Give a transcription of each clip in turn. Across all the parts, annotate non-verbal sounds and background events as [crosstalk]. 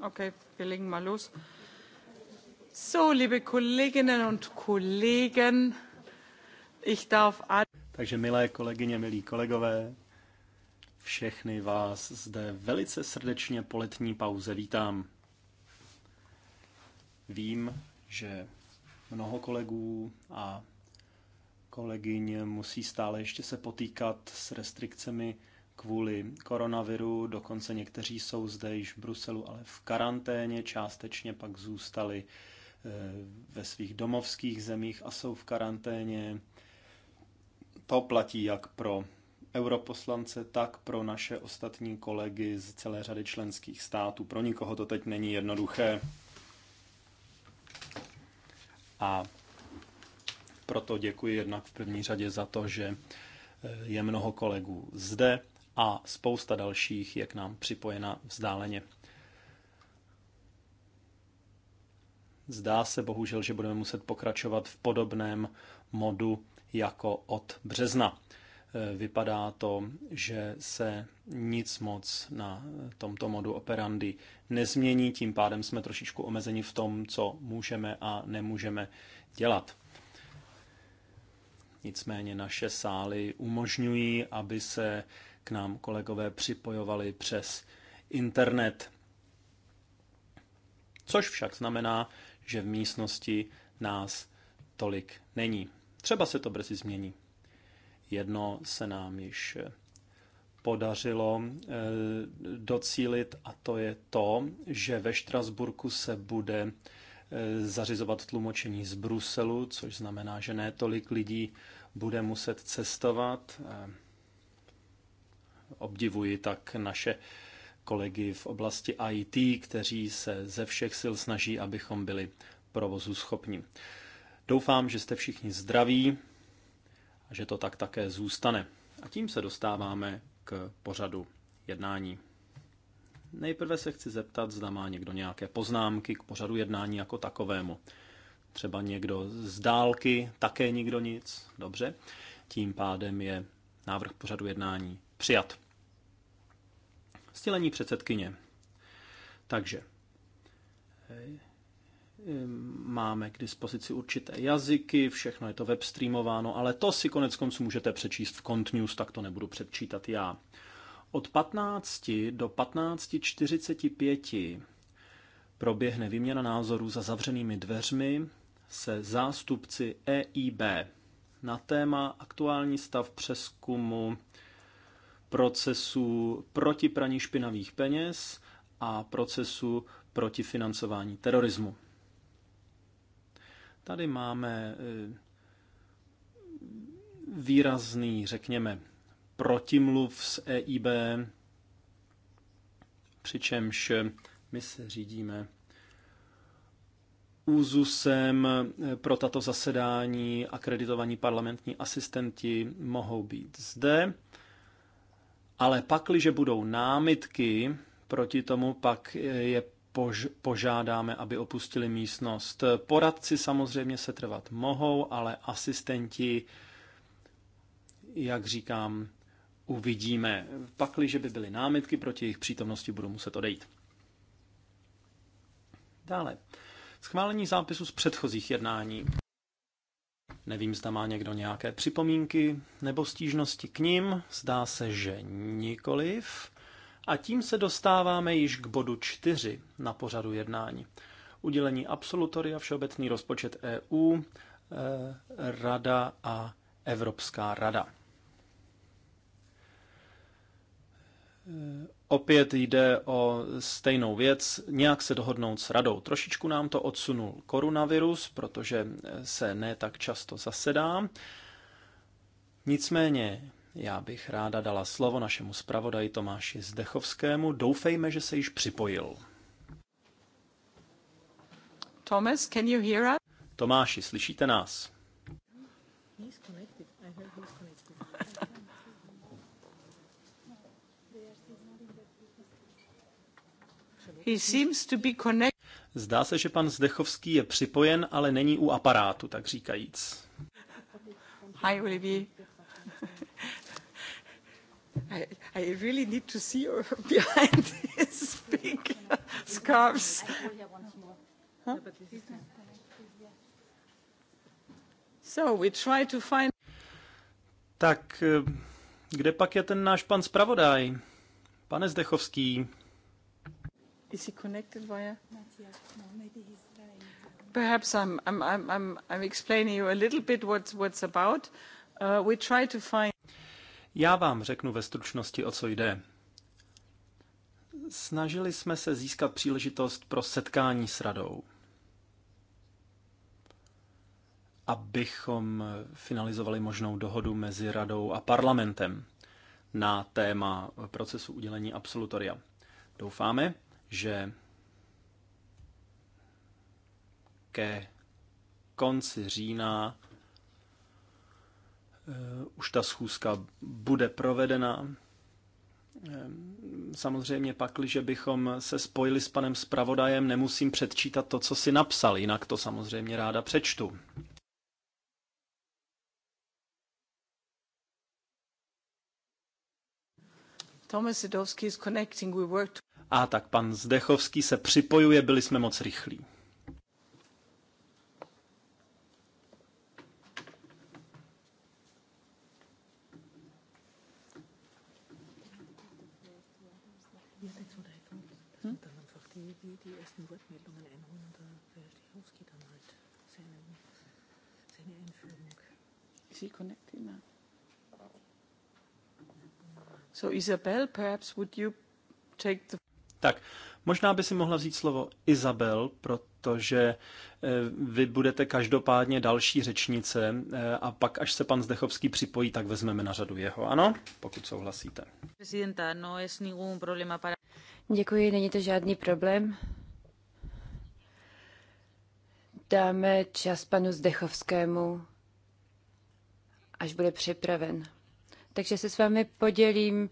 Okay, wir legen mal los. So, liebe Kolleginnen und Kollegen, ich darf Takže milé kolegyně, milí kolegové, všechny vás zde velice srdečně po letní pauze vítám. Vím, že mnoho kolegů a kolegyně musí stále ještě se potýkat s restrikcemi kvůli koronaviru, dokonce někteří jsou zde již v Bruselu, ale v karanténě, částečně pak zůstali eh, ve svých domovských zemích a jsou v karanténě. To platí jak pro europoslance, tak pro naše ostatní kolegy z celé řady členských států. Pro nikoho to teď není jednoduché. A proto děkuji jednak v první řadě za to, že eh, je mnoho kolegů zde a spousta dalších je k nám připojena vzdáleně. Zdá se bohužel, že budeme muset pokračovat v podobném modu jako od března. E, vypadá to, že se nic moc na tomto modu operandy nezmění, tím pádem jsme trošičku omezeni v tom, co můžeme a nemůžeme dělat. Nicméně naše sály umožňují, aby se k nám kolegové připojovali přes internet. Což však znamená, že v místnosti nás tolik není. Třeba se to brzy změní. Jedno se nám již eh, podařilo eh, docílit a to je to, že ve Štrasburku se bude eh, zařizovat tlumočení z Bruselu, což znamená, že ne tolik lidí bude muset cestovat obdivuji tak naše kolegy v oblasti IT, kteří se ze všech sil snaží, abychom byli provozu schopní. Doufám, že jste všichni zdraví a že to tak také zůstane. A tím se dostáváme k pořadu jednání. Nejprve se chci zeptat, zda má někdo nějaké poznámky k pořadu jednání jako takovému. Třeba někdo z dálky, také nikdo nic. Dobře, tím pádem je návrh pořadu jednání Přijat. Stělení předsedkyně. Takže eh, eh, máme k dispozici určité jazyky, všechno je to webstreamováno, ale to si konec konců můžete přečíst v Cont tak to nebudu předčítat já. Od 15 do 15.45 proběhne výměna názorů za zavřenými dveřmi se zástupci EIB na téma aktuální stav přeskumu procesu proti praní špinavých peněz a procesu proti financování terorismu. Tady máme eh, výrazný, řekněme, protimluv s EIB, přičemž my se řídíme úzusem eh, pro tato zasedání akreditovaní parlamentní asistenti mohou být zde. Ale pakliže budou námitky proti tomu, pak je pož- požádáme, aby opustili místnost. Poradci samozřejmě se trvat mohou, ale asistenti, jak říkám, uvidíme. Pakliže by byly námitky proti jejich přítomnosti, budou muset odejít. Dále. Schválení zápisu z předchozích jednání. Nevím, zda má někdo nějaké připomínky nebo stížnosti k ním. Zdá se, že nikoliv. A tím se dostáváme již k bodu 4 na pořadu jednání. Udělení absolutoria Všeobecný rozpočet EU, eh, Rada a Evropská rada. Opět jde o stejnou věc, nějak se dohodnout s radou. Trošičku nám to odsunul koronavirus, protože se ne tak často zasedá. Nicméně já bych ráda dala slovo našemu zpravodaji Tomáši Zdechovskému. Doufejme, že se již připojil. Thomas, can you hear us? Tomáši, slyšíte nás? He's connected. I heard he's Zdá se, že pan Zdechovský je připojen, ale není u aparátu, tak říkajíc. Hi, Olivier. I, I really need to see you behind this big scarves. So we try to find... Tak eh, kde pak je ten náš pan zpravodaj? Pane Zdechovský, Is he connected via? No, Perhaps I'm, I'm, I'm, I'm, I'm explaining you a little bit what's, what's about. Uh, we try to find... Já vám řeknu ve stručnosti, o co jde. Snažili jsme se získat příležitost pro setkání s radou, abychom finalizovali možnou dohodu mezi radou a parlamentem na téma procesu udělení absolutoria. Doufáme, že ke konci října eh, už ta schůzka bude provedena. Eh, samozřejmě pak, že bychom se spojili s panem zpravodajem, nemusím předčítat to, co si napsal, jinak to samozřejmě ráda přečtu. Thomas Sadowski is connecting. We worked a tak pan Zdechovský se připojuje, byli jsme moc rychlí. So Isabel, perhaps would you take the tak, možná by si mohla vzít slovo Izabel, protože eh, vy budete každopádně další řečnice eh, a pak, až se pan Zdechovský připojí, tak vezmeme na řadu jeho, ano? Pokud souhlasíte. No, Děkuji, není to žádný problém. Dáme čas panu Zdechovskému, až bude připraven. Takže se s vámi podělím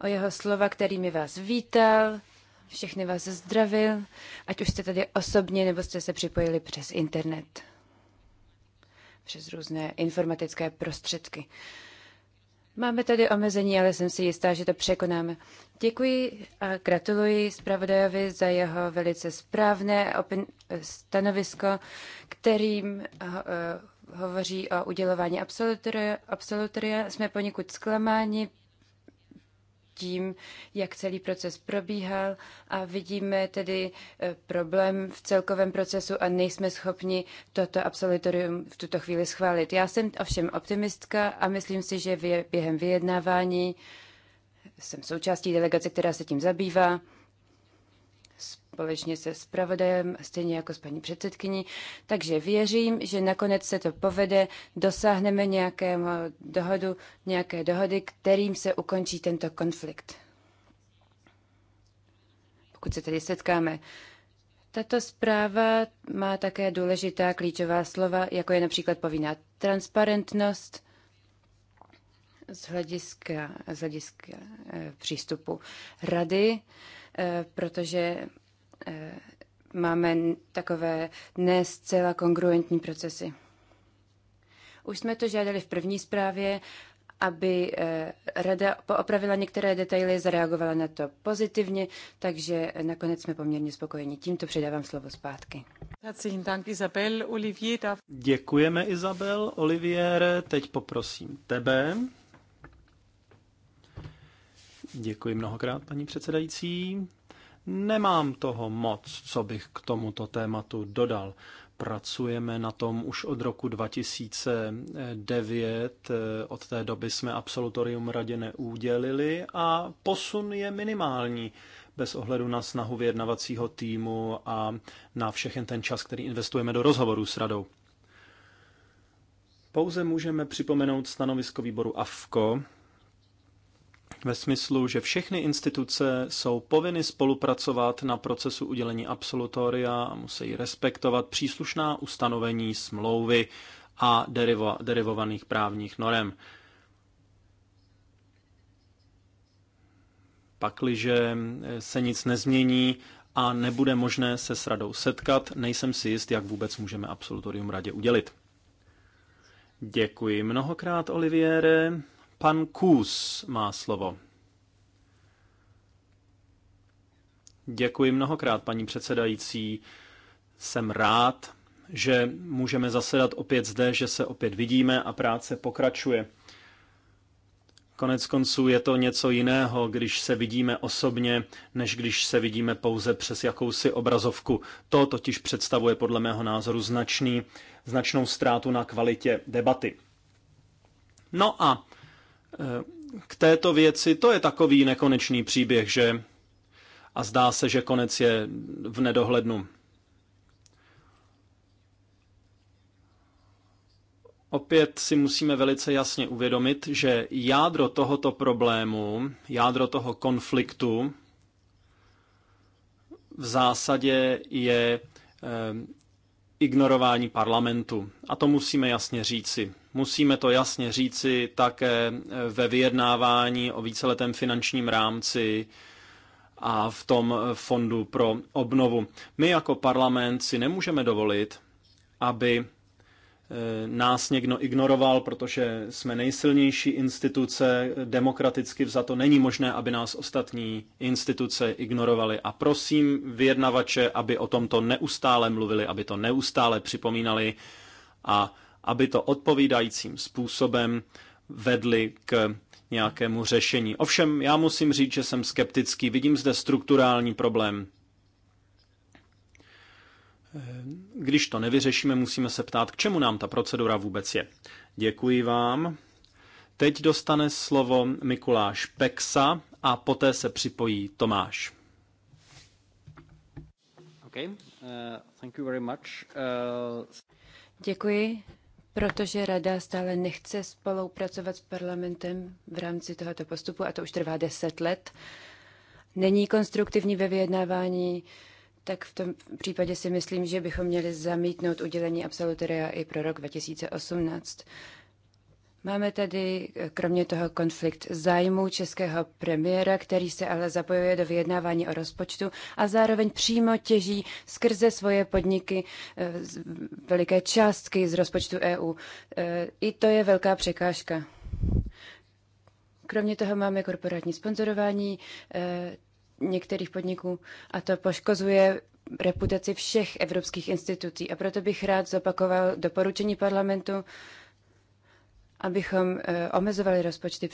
o jeho slova, kterými vás vítal, všechny vás zdravil, ať už jste tady osobně nebo jste se připojili přes internet, přes různé informatické prostředky. Máme tady omezení, ale jsem si jistá, že to překonáme. Děkuji a gratuluji zpravodajovi za jeho velice správné stanovisko, kterým ho eh, hovoří o udělování Absolutoria jsme poněkud zklamáni, tím, jak celý proces probíhal a vidíme tedy eh, problém v celkovém procesu a nejsme schopni toto absolutorium v tuto chvíli schválit. Já jsem ovšem optimistka a myslím si, že během vyjednávání jsem součástí delegace, která se tím zabývá společně se zpravodajem, stejně jako s paní předsedkyní. Takže věřím, že nakonec se to povede, dosáhneme nějakého dohodu, nějaké dohody, kterým se ukončí tento konflikt. Pokud se tedy setkáme tato zpráva má také důležitá klíčová slova, jako je například povinná transparentnost z hlediska, z hlediska eh, přístupu rady, eh, protože Eh, máme takové ne zcela kongruentní procesy. Už jsme to žádali v první zprávě, aby eh, rada poopravila některé detaily, zareagovala na to pozitivně, takže nakonec jsme poměrně spokojeni. Tímto předávám slovo zpátky. Děkujeme, Izabel. Olivier, teď poprosím tebe. Děkuji mnohokrát, paní předsedající. Nemám toho moc, co bych k tomuto tématu dodal. Pracujeme na tom už od roku 2009. Od té doby jsme absolutorium radě neudělili a posun je minimální bez ohledu na snahu vyjednavacího týmu a na všechen ten čas, který investujeme do rozhovoru s radou. Pouze můžeme připomenout stanovisko výboru AFKO, ve smyslu, že všechny instituce jsou povinny spolupracovat na procesu udělení absolutoria a musí respektovat příslušná ustanovení smlouvy a derivo, derivovaných právních norem. Pakliže se nic nezmění a nebude možné se s radou setkat, nejsem si jist, jak vůbec můžeme absolutorium radě udělit. Děkuji mnohokrát, Oliviere. Pan Kůs má slovo. Děkuji mnohokrát, paní předsedající. Jsem rád, že můžeme zasedat opět zde, že se opět vidíme a práce pokračuje. Konec konců je to něco jiného, když se vidíme osobně, než když se vidíme pouze přes jakousi obrazovku. To totiž představuje podle mého názoru značný, značnou ztrátu na kvalitě debaty. No a k této věci, to je takový nekonečný příběh, že a zdá se, že konec je v nedohlednu. Opět si musíme velice jasně uvědomit, že jádro tohoto problému, jádro toho konfliktu v zásadě je eh, ignorování parlamentu. A to musíme jasně říci. Musíme to jasně říci také eh, ve vyjednávání o víceletém finančním rámci a v tom eh, fondu pro obnovu. My jako parlament si nemůžeme dovolit, aby eh, nás někdo ignoroval, protože jsme nejsilnější instituce, demokraticky vzato není možné, aby nás ostatní instituce ignorovaly. A prosím vyjednavače, aby o tomto neustále mluvili, aby to neustále připomínali a aby to odpovídajícím způsobem vedli k nějakému řešení. Ovšem, já musím říct, že jsem skeptický. Vidím zde strukturální problém. Když to nevyřešíme, musíme se ptát, k čemu nám ta procedura vůbec je. Děkuji vám. Teď dostane slovo Mikuláš Pexa a poté se připojí Tomáš. Okay. Uh, thank you very much. Uh... Děkuji, protože Rada stále nechce spolupracovat s parlamentem v rámci tohoto postupu, a to už trvá deset let. Není konstruktivní ve vyjednávání, tak v tom případě si myslím, že bychom měli zamítnout udělení absolutoria i pro rok 2018. Máme tady e, kromě toho konflikt zájmů českého premiéra, který se ale zapojuje do vyjednávání o rozpočtu a zároveň přímo těží skrze svoje podniky e, veliké částky z rozpočtu EU. E, I to je velká překážka. Kromě toho máme korporátní sponzorování některých podniků a to poškozuje reputaci všech evropských institucí. A proto bych rád zopakoval doporučení parlamentu abychom eh, omezovali rozpočty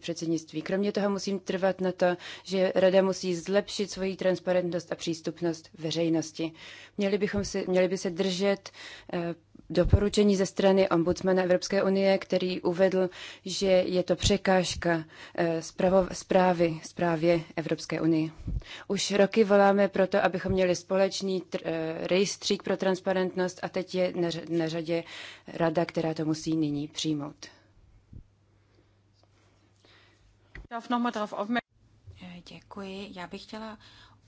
předsednictví. Kromě toho musím trvat na to, že Rada musí zlepšit svoji transparentnost a přístupnost veřejnosti. Měli, bychom si, měli by se držet eh, doporučení ze strany ombudsmana Evropské unie, který uvedl, že je to překážka eh, zprávy, zprávě Evropské unie. Už roky voláme proto, abychom měli společný eh, rejstřík pro transparentnost a teď je na řadě rada, která to musí nyní přijmout. Eh, děkuji. Já bych chtěla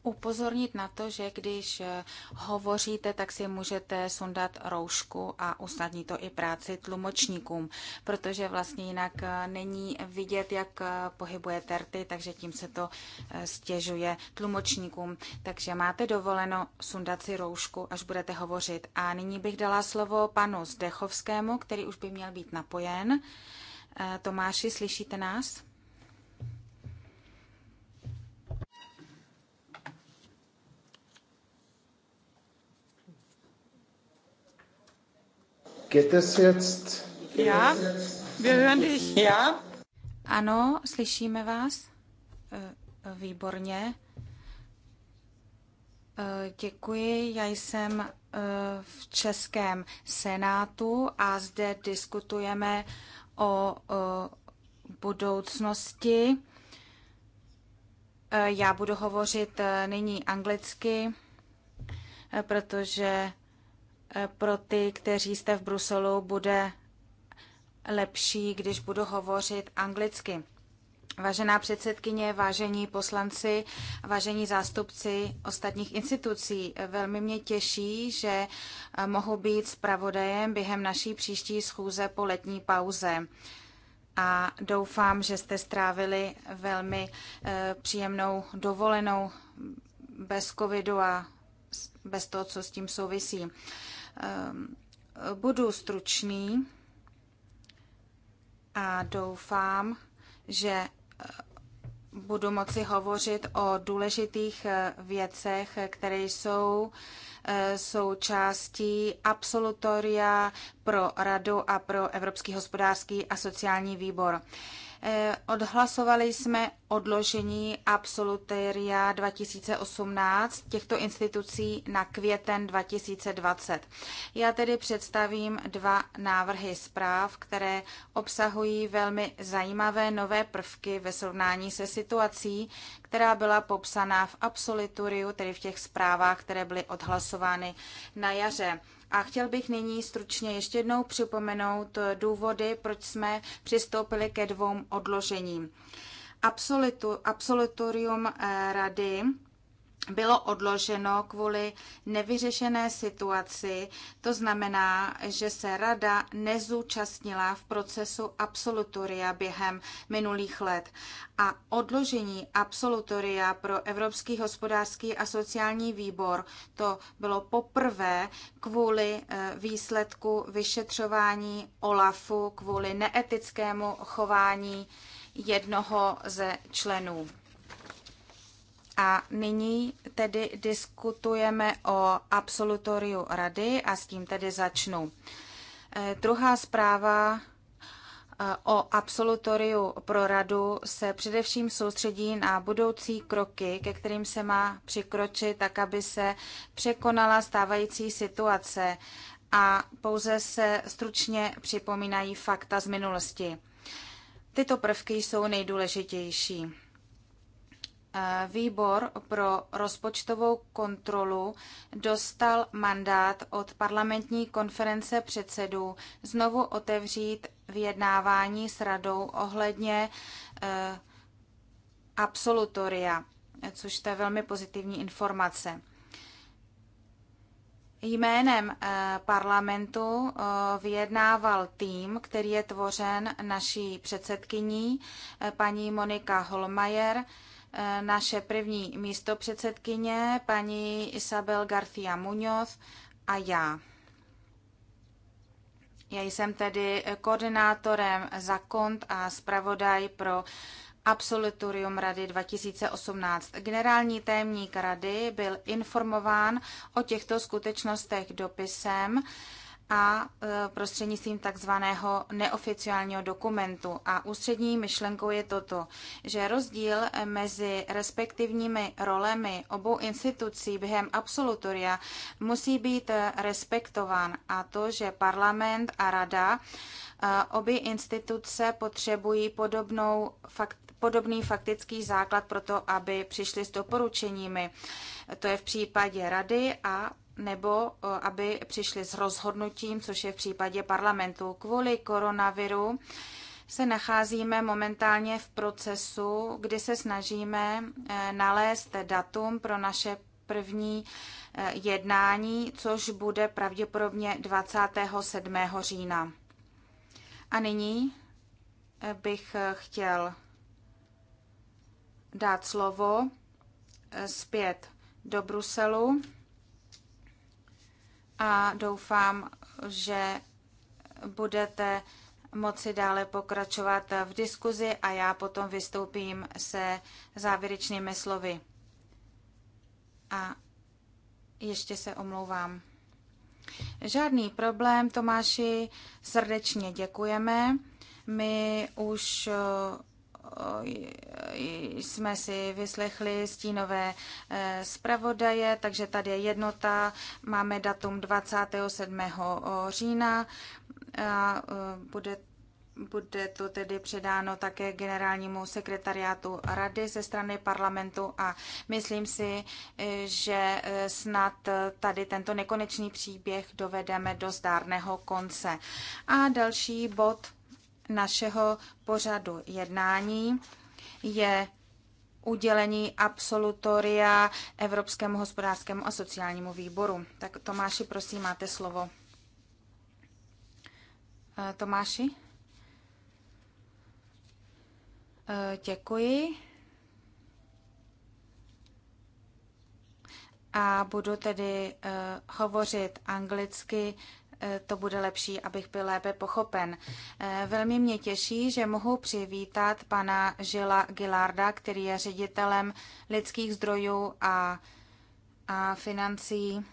upozornit na to, že když eh, hovoříte, tak si můžete sundat roušku a usnadní to i práci tlumočníkům, protože vlastně jinak eh, není vidět, jak eh, pohybuje terty, takže tím se to stěžuje tlumočníkům. Takže máte dovoleno sundat si roušku, až budete hovořit. A nyní bych dala slovo panu Zdechovskému, který už by měl být napojen. Tomáši, slyšíte nás? Geht es jetzt? Ja, wir hören dich. Ja. Ano, slyšíme vás. E, výborně. E, děkuji. Já jsem e, v Českém senátu a zde diskutujeme o budoucnosti. Já budu hovořit nyní anglicky, protože Eh, pro ty, kteří jste v Bruselu, bude lepší, když budu hovořit anglicky. Vážená předsedkyně, vážení poslanci, vážení zástupci ostatních institucí, velmi mě těší, že eh, mohu být zpravodajem během naší příští schůze po letní pauze. A doufám, že jste strávili velmi eh, příjemnou dovolenou bez covidu a bez toho, co s tím souvisí. Ehm, budu stručný a doufám, že eh, budu moci hovořit o důležitých eh, věcech, které jsou eh, součástí absolutoria pro Radu a pro Evropský hospodářský a sociální výbor. Eh, odhlasovali jsme odložení absoluteria 2018 těchto institucí na květen 2020. Já tedy představím dva návrhy zpráv, které obsahují velmi zajímavé nové prvky ve srovnání se situací, která byla popsaná v absolutoriu, tedy v těch zprávách, které byly odhlasovány na jaře. A chtěl bych nyní stručně ještě jednou připomenout důvody, proč jsme přistoupili ke dvou odložením. absolutorium eh, rady bylo odloženo kvůli nevyřešené situaci. To znamená, že se rada nezúčastnila v procesu absolutoria během minulých let. A odložení absolutoria pro Evropský hospodářský a sociální výbor to bylo poprvé kvůli eh, výsledku vyšetřování OLAFu kvůli neetickému chování jednoho ze členů. A nyní tedy diskutujeme o absolutoriu rady a s tím tedy začnu. E, druhá zpráva e, o absolutoriu pro radu se především soustředí na budoucí kroky, ke kterým se má přikročit, tak aby se překonala stávající situace a pouze se stručně připomínají fakta z minulosti. Tyto prvky jsou nejdůležitější. Eh, výbor pro rozpočtovou kontrolu dostal mandát od parlamentní konference předsedů znovu otevřít vyjednávání s radou ohledně eh, absolutoria, což to je velmi pozitivní informace. Jménem eh, parlamentu vyjednával tým, který je tvořen naší předsedkyní, paní Monika Holmajer, Eh, naše první místo předsedkyně, paní Isabel García Muñoz a já. Já jsem tedy koordinátorem za kont a zpravodaj pro Absolutorium Rady 2018. Generální témník Rady byl informován o těchto skutečnostech dopisem, a e, prostřednictvím takzvaného neoficiálního dokumentu. A ústřední myšlenkou je toto, že rozdíl mezi respektivními rolemi obou institucí během absolutoria musí být respektován a to, že parlament a rada e, obě instituce potřebují podobnou fakt, podobný faktický základ pro to, aby přišli s doporučeními. To je v případě rady a nebo eh, aby přišli s rozhodnutím, což je v případě parlamentu. Kvůli koronaviru se nacházíme momentálně v procesu, kdy se snažíme eh, nalézt datum pro naše první eh, jednání, což bude pravděpodobně 27. října. A nyní bych chtěl dát slovo zpět do Bruselu a doufám, že budete moci dále pokračovat v diskuzi a já potom vystoupím se závěrečnými slovy. A ještě se omlouvám. Žádný problém, Tomáši, srdečně děkujeme. My už jsme si vyslechli stínové eh, zpravodaje, takže tady je jednota. Máme datum 27. října. A eh, bude bude to tedy předáno také generálnímu sekretariátu rady ze strany parlamentu a myslím si, eh, že snad tady tento nekonečný příběh dovedeme do zdárného konce. A další bod našeho pořadu jednání je udělení absolutoria Evropskému hospodářskému a sociálnímu výboru. Tak Tomáši, prosím, máte slovo. Eh, Tomáši? Eh, děkuji. A budu tedy eh, hovořit anglicky to bude lepší, abych byl lépe pochopen. Eh, velmi mě těší, že mohu přivítat pana Žila Gilarda, který je ředitelem lidských zdrojů a, a financí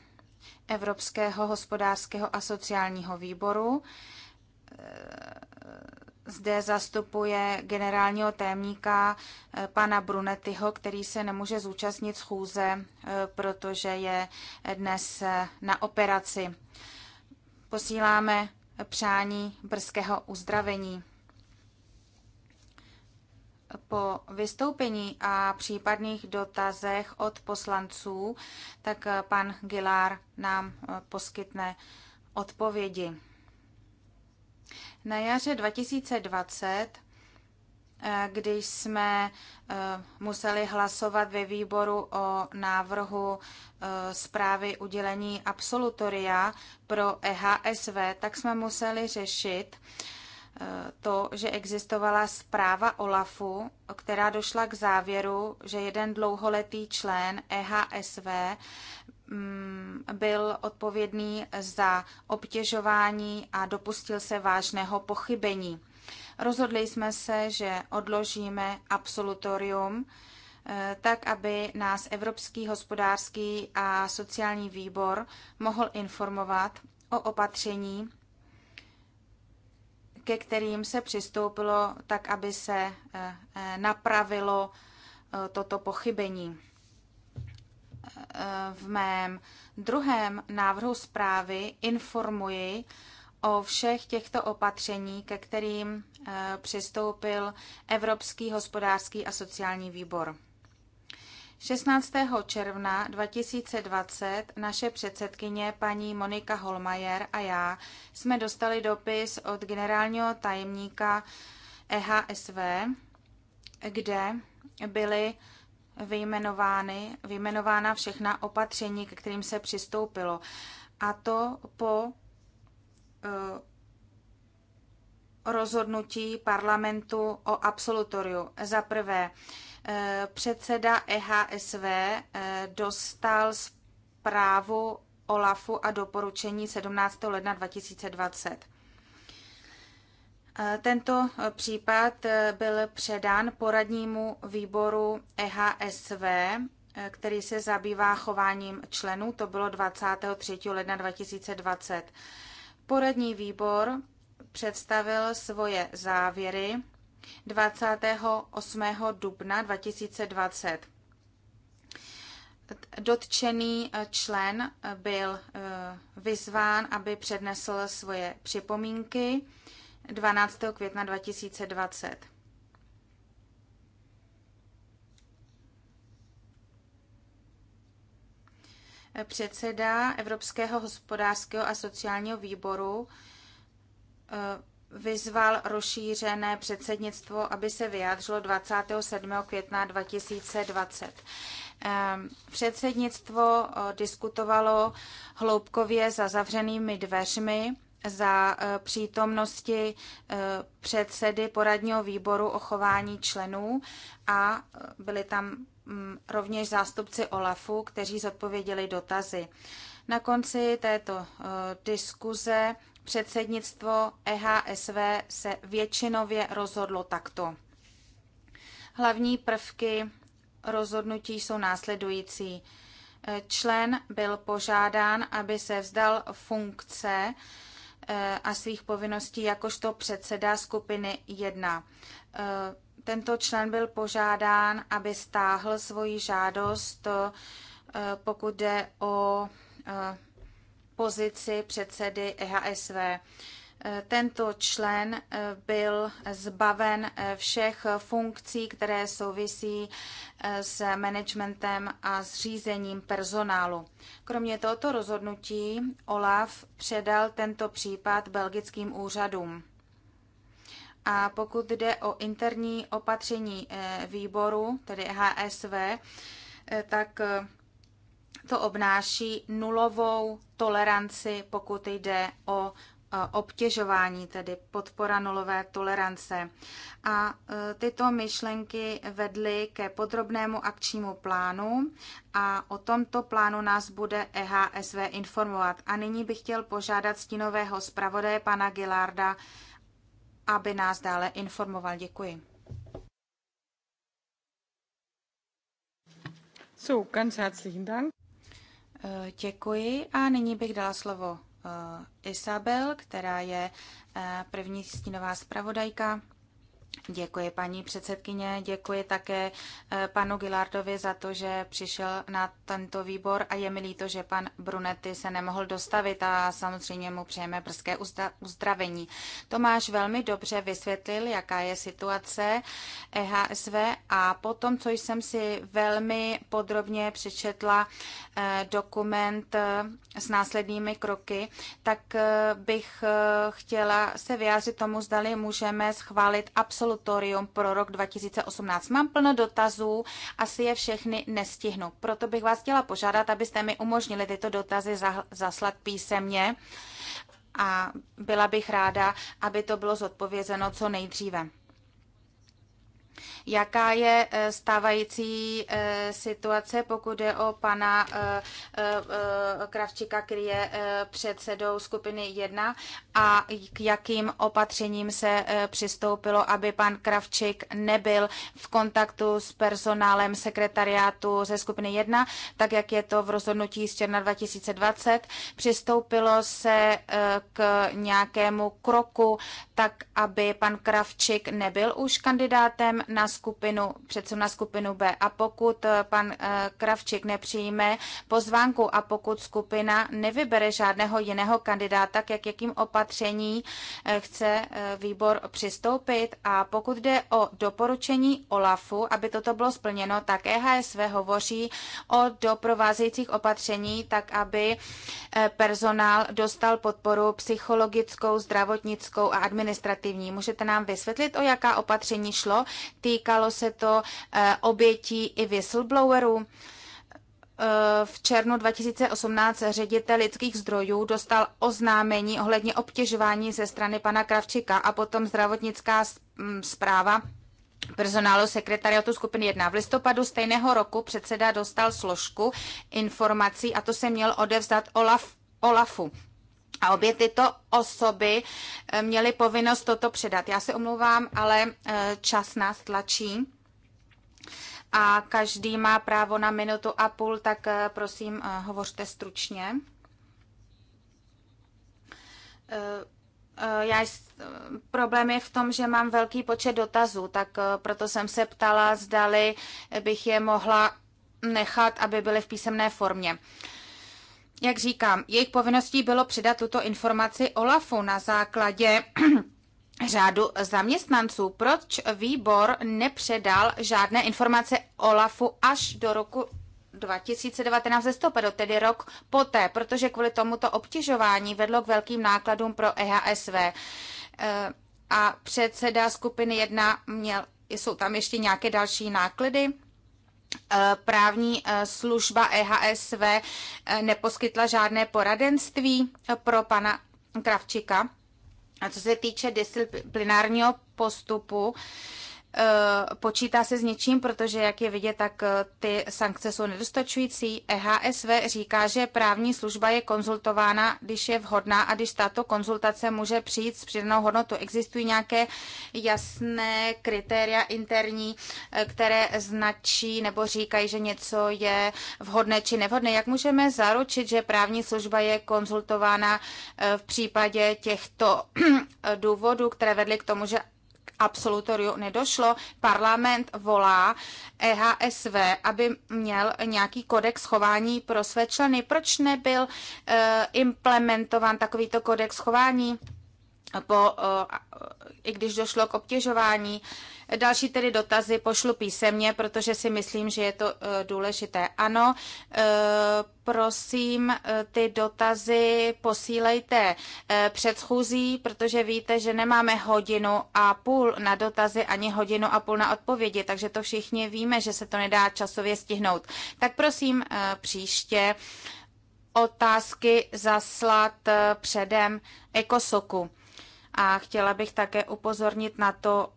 Evropského hospodářského a sociálního výboru. Eh, zde zastupuje generálního témníka eh, pana Brunetyho, který se nemůže zúčastnit schůze, protože je dnes na operaci posíláme přání brzkého uzdravení. Po vystoupení a případných dotazech od poslanců, tak pan Gilár nám eh, poskytne odpovědi. Na jaře 2020 Eh, když jsme eh, museli hlasovat ve výboru o návrhu eh, zprávy udělení absolutoria pro EHSV, tak jsme museli řešit to, že existovala zpráva OLAFu, která došla k závěru, že jeden dlouholetý člen EHSV mm, byl odpovědný za obtěžování a dopustil se vážného pochybení. Rozhodli jsme se, že odložíme absolutorium, eh, tak aby nás Evropský hospodářský a sociální výbor mohl informovat o opatření, ke kterým se přistoupilo, tak aby se eh, eh, napravilo toto pochybení. V mém druhém návrhu zprávy informuji o všech těchto opatření, ke kterým eh, přistoupil Evropský hospodářský a sociální výbor. 16. června 2020 naše předsedkyně paní Monika Holmajer a já jsme dostali dopis od generálního tajemníka EHSV, kde byly vyjmenovány, vyjmenována všechna opatření, ke kterým se přistoupilo. A to po Eh, rozhodnutí parlamentu o absolutoriu. Za prvé, eh, předseda e EHSV dostal zprávu OLAFu a doporučení 17. ledna 2020. Eh, tento případ byl předán poradnímu výboru e EHSV, který se zabývá chováním členů. To bylo 23. ledna 2020. Poradní výbor představil svoje závěry 28. dubna 2020. Dotčený eh, člen eh, byl eh, vyzván, aby přednesl svoje připomínky 12. května 2020. Předseda Evropského hospodářského a sociálního výboru eh, vyzval rozšířené předsednictvo, aby se vyjádřilo 27. května 2020. Ehm, předsednictvo eh, diskutovalo hloubkově za zavřenými dveřmi za eh, přítomnosti předsedy poradního výboru o chování členů a byly tam Mm, rovněž zástupci OLAFu, kteří zodpověděli dotazy. Na konci této eh, diskuze předsednictvo EHSV se většinově rozhodlo takto. Hlavní prvky rozhodnutí jsou následující. Eh, člen byl požádán, aby se vzdal funkce eh, a svých povinností jakožto předseda skupiny 1 tento člen byl požádán, aby stáhl svoji žádost, eh, pokud jde o eh, pozici předsedy e EHSV. Tento člen eh, byl zbaven všech funkcí, které souvisí s managementem a s řízením personálu. Kromě tohoto rozhodnutí OLAF předal tento případ belgickým úřadům. A pokud jde o interní opatření eh, výboru, tedy HSV, eh, tak eh, to obnáší nulovou toleranci, pokud jde o obtěžování, tedy podpora nulové tolerance. A tyto myšlenky vedly ke podrobnému akčnímu plánu a o tomto plánu nás bude EHSV informovat. A nyní bych chtěl požádat stínového zpravodaje pana Gilarda aby nás dále informoval. Děkuji. So, ganz herzlichen Dank. Eh, děkuji a nyní bych dala slovo eh, Isabel, která je eh, první stínová zpravodajka Děkuji paní předsedkyně, děkuji také eh, panu Gilardovi za to, že přišel na tento výbor a je mi líto, že pan Brunetti se nemohl dostavit a samozřejmě mu přejeme brzké uzdravení. Tomáš velmi dobře vysvětlil, jaká je situace EHSV a potom, co jsem si velmi podrobně přečetla eh, dokument eh, s následnými kroky, tak bych chtěla se vyjádřit tomu, zdali můžeme schválit absolutně absolutorium pro rok 2018. Mám plno dotazů, asi je všechny nestihnu. Proto bych vás chtěla požádat, abyste mi umožnili tyto dotazy zaslat písemně a byla bych ráda, aby to bylo zodpovězeno co nejdříve. Jaká je eh, stávající eh, situace, pokud je o pana eh, Kravčíka, který je předsedou skupiny 1 a k jakým opatřením se přistoupilo, aby pan Kravčík nebyl v kontaktu s personálem sekretariátu ze skupiny 1, tak jak je to v rozhodnutí z června 2020. Přistoupilo se k nějakému kroku, tak aby pan Kravčík nebyl už kandidátem na skupinu, přece na skupinu B. A pokud eh, pan eh, Kravčík nepřijme pozvánku a pokud skupina nevybere žádného jiného kandidáta, k jak jakým opatření eh, chce výbor přistoupit. A pokud jde o doporučení OLAFu, aby toto bylo splněno, tak EHSV hovoří o doprovázejících opatření, tak aby personál dostal podporu psychologickou, zdravotnickou a administrativní. Můžete nám vysvětlit, o jaká opatření šlo, Týkalo se to eh, obětí i whistleblowerů. Eh, v červnu 2018 ředitel lidských zdrojů dostal oznámení ohledně obtěžování ze strany pana Kravčika a potom zdravotnická mm, zpráva personálu sekretariatu skupiny 1. V listopadu stejného roku předseda dostal složku informací a to se měl odevzdat Olaf, Olafu. A obě tyto osoby eh, měly povinnost toto předat. Já se omlouvám, ale eh, čas nás tlačí a každý má právo na minutu a půl, tak eh, prosím, hovořte stručně. Já, problém je v tom, že mám velký počet dotazů, tak proto jsem se ptala, zdali bych je mohla nechat, aby byly v písemné formě. Uh, jak říkám, jejich povinností bylo předat tuto informaci OLAFu na základě [clears throat] řádu zaměstnanců. Proč výbor nepředal žádné informace OLAFu až do roku 2019 listopadu, tedy rok poté, protože kvůli tomuto obtěžování vedlo k velkým nákladům pro EHSV. E, a předseda skupiny 1 měl, jsou tam ještě nějaké další náklady? Eh, právní eh, služba e EHSV neposkytla žádné poradenství eh, pro pana Kravčika. A co se týče disciplinárního postupu, Eh, počítá se s něčím, protože jak je vidět, tak eh, ty sankce jsou nedostačující. EHSV říká, že právní služba je konzultována, když je vhodná a když tato konzultace může přijít s přidanou hodnotou. Existují nějaké jasné kritéria interní, eh, které značí nebo říkají, že něco je vhodné či nevhodné. Jak můžeme zaručit, že právní služba je konzultována v případě těchto [clears throat] důvodů, které vedly k tomu, že absolutoriu nedošlo. Parlament volá EHSV, aby měl nějaký kodex chování pro své členy. Proč nebyl eh, implementován takovýto kodex chování? Po, eh, i když došlo k obtěžování, Další tedy dotazy pošlu písemně, protože si myslím, že je to eh, důležité. Ano, eh, prosím, eh, ty dotazy posílejte předchůzí, protože víte, že nemáme hodinu a půl na dotazy ani hodinu a půl na odpovědi, takže to všichni víme, že se to nedá časově stihnout. Tak prosím příště otázky zaslat předem ekosoku. A chtěla bych také upozornit na to,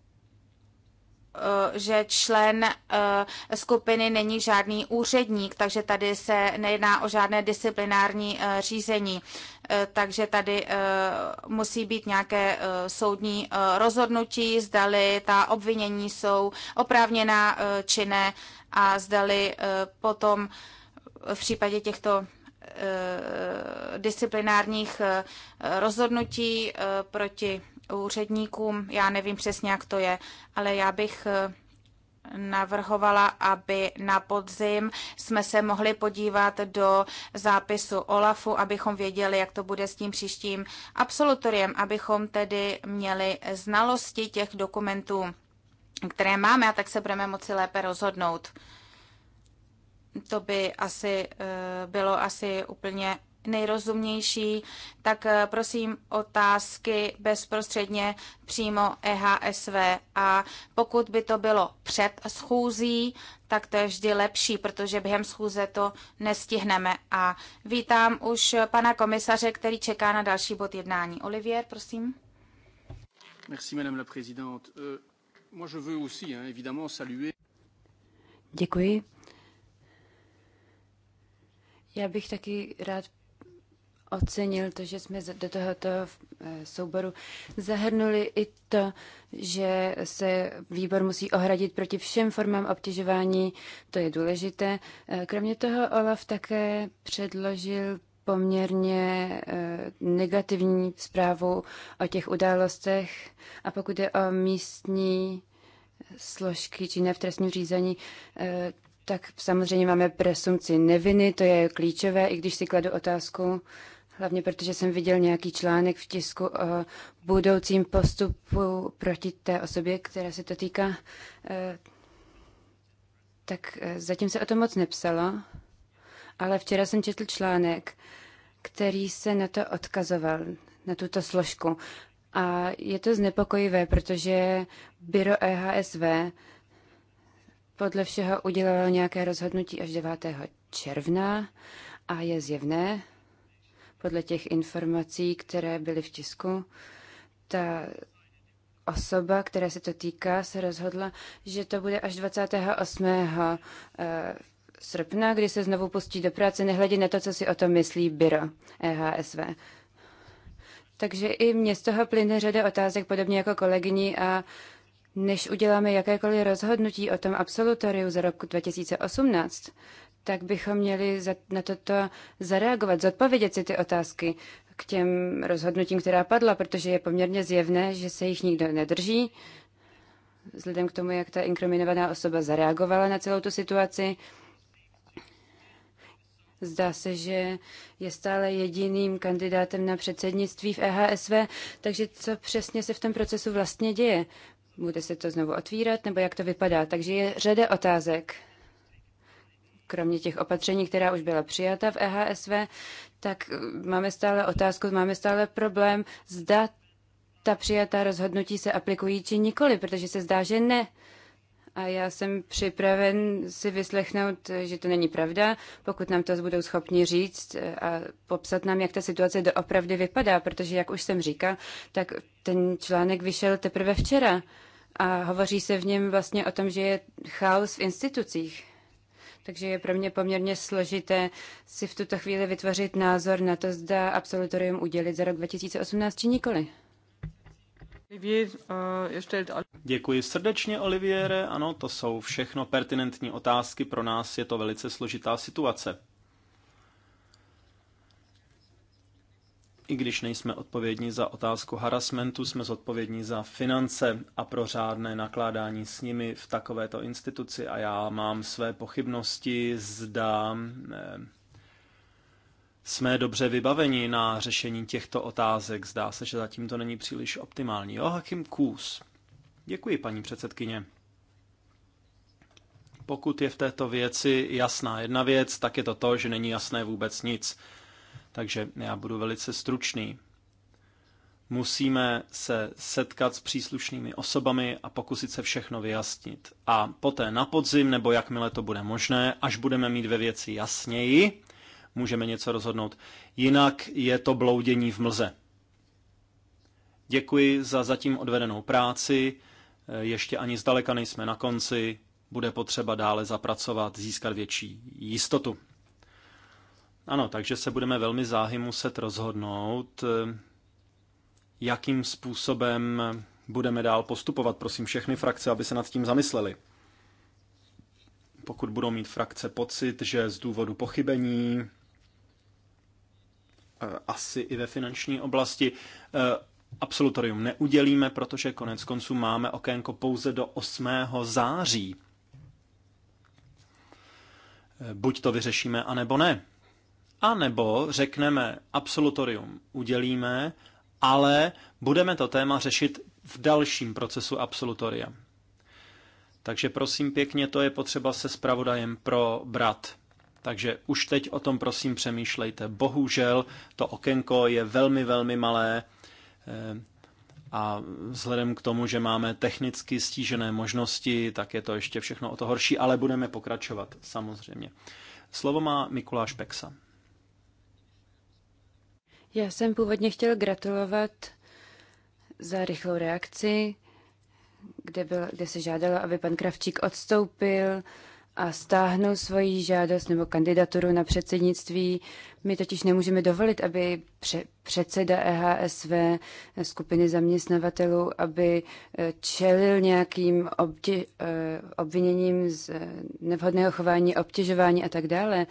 Eh, že člen eh, skupiny není žádný úředník, takže tady se nejedná o žádné disciplinární eh, řízení. Takže tady musí být nějaké soudní rozhodnutí, zdali ta obvinění jsou oprávněná či ne a zdali potom v případě těchto disciplinárních rozhodnutí proti úředníkům. Já nevím přesně, jak to je, ale já bych eh, navrhovala, aby na podzim jsme se mohli podívat do zápisu OLAFu, abychom věděli, jak to bude s tím příštím absolutoriem, abychom tedy měli znalosti těch dokumentů, které máme a tak se budeme moci lépe rozhodnout. To by asi eh, bylo asi úplně nejrozumnější, tak eh, prosím otázky bezprostředně přímo EHSV. A pokud by to bylo před schůzí, tak to je vždy lepší, protože během schůze to nestihneme. A vítám už pana komisaře, který čeká na další bod jednání. Olivier, prosím. Merci, madame la présidente. Euh, moi, je veux aussi, hein, évidemment, saluer. Děkuji. Já bych taky rád ocenil to, že jsme do tohoto eh, souboru zahrnuli i to, že se výbor musí ohradit proti všem formám obtěžování, to je důležité. Eh, kromě toho Olaf také předložil poměrně eh, negativní zprávu o těch událostech a pokud je o místní složky či ne v trestním řízení, tak samozřejmě máme presumci neviny, to je klíčové, i když si kladu otázku, hlavně protože jsem viděl nějaký článek v tisku o budoucím postupu proti té osobě, která se to týká. E, tak e, zatím se o tom moc nepsalo, ale včera jsem četl článek, který se na to odkazoval, na tuto složku. A je to znepokojivé, protože byro EHSV podle všeho udělalo nějaké rozhodnutí až 9. června a je zjevné, podle těch informací, které byly v tisku, ta osoba, která se to týká, se rozhodla, že to bude až 28. Eh, srpna, kdy se znovu pustí do práce, nehledě na to, co si o tom myslí byro EHSV. Takže i mě z toho plyne řada otázek, podobně jako kolegyni, a než uděláme jakékoliv rozhodnutí o tom absolutoriu za roku 2018, tak bychom měli na toto zareagovat, zodpovědět si ty otázky k těm rozhodnutím, která padla, protože je poměrně zjevné, že se jich nikdo nedrží. Vzhledem k tomu, jak ta inkriminovaná osoba zareagovala na celou tu situaci, Zdá se, že je stále jediným kandidátem na předsednictví v EHSV, takže co přesně se v tom procesu vlastně děje? Bude se to znovu otvírat, nebo jak to vypadá? Takže je řada otázek kromě těch opatření, která už byla přijata v EHSV, tak máme stále otázku, máme stále problém, zda ta přijatá rozhodnutí se aplikují či nikoli, protože se zdá, že ne. A já jsem připraven si vyslechnout, že to není pravda, pokud nám to budou schopni říct a popsat nám, jak ta situace doopravdy vypadá, protože, jak už jsem říkal, tak ten článek vyšel teprve včera a hovoří se v něm vlastně o tom, že je chaos v institucích takže je pro mě poměrně složité si v tuto chvíli vytvořit názor na to, zda absolutorium udělit za rok 2018 či nikoli. Eh, Děkuji srdečně, Oliviere. Ano, to jsou všechno pertinentní otázky. Pro nás je to velice složitá situace. I když nejsme odpovědní za otázku harasmentu, jsme zodpovědní za finance a pro řádné nakládání s nimi v takovéto instituci. A já mám své pochybnosti, zda eh, jsme dobře vybaveni na řešení těchto otázek. Zdá se, že zatím to není příliš optimální. Joachim Kůz. Děkuji, paní předsedkyně. Pokud je v této věci jasná jedna věc, tak je to to, že není jasné vůbec nic. Takže já budu velice stručný. Musíme se setkat s příslušnými osobami a pokusit se všechno vyjasnit. A poté na podzim, nebo jakmile to bude možné, až budeme mít ve věci jasněji, můžeme něco rozhodnout. Jinak je to bloudění v mlze. Děkuji za zatím odvedenou práci. Ještě ani zdaleka nejsme na konci. Bude potřeba dále zapracovat, získat větší jistotu. Ano, takže se budeme velmi záhy muset rozhodnout, eh, jakým způsobem budeme dál postupovat. Prosím všechny frakce, aby se nad tím zamysleli. Pokud budou mít frakce pocit, že z důvodu pochybení, eh, asi i ve finanční oblasti, eh, absolutorium neudělíme, protože konec konců máme okénko pouze do 8. září. Buď to vyřešíme, anebo ne. A nebo řekneme absolutorium udělíme, ale budeme to téma řešit v dalším procesu absolutoria. Takže prosím pěkně, to je potřeba se spravodajem probrat. Takže už teď o tom prosím přemýšlejte. Bohužel to okénko je velmi, velmi malé eh, a vzhledem k tomu, že máme technicky stížené možnosti, tak je to ještě všechno o to horší, ale budeme pokračovat samozřejmě. Slovo má Mikuláš Peksa. Já jsem původně chtěl gratulovat za rychlou reakci, kde, byl, kde se žádalo, aby pan Kravčík odstoupil a stáhnu svoji žádost nebo kandidaturu na předsednictví. My totiž nemůžeme dovolit, aby pře- předseda EHSV skupiny zaměstnavatelů, aby eh, čelil nějakým eh, obviněním z eh, nevhodného chování, obtěžování a tak dále.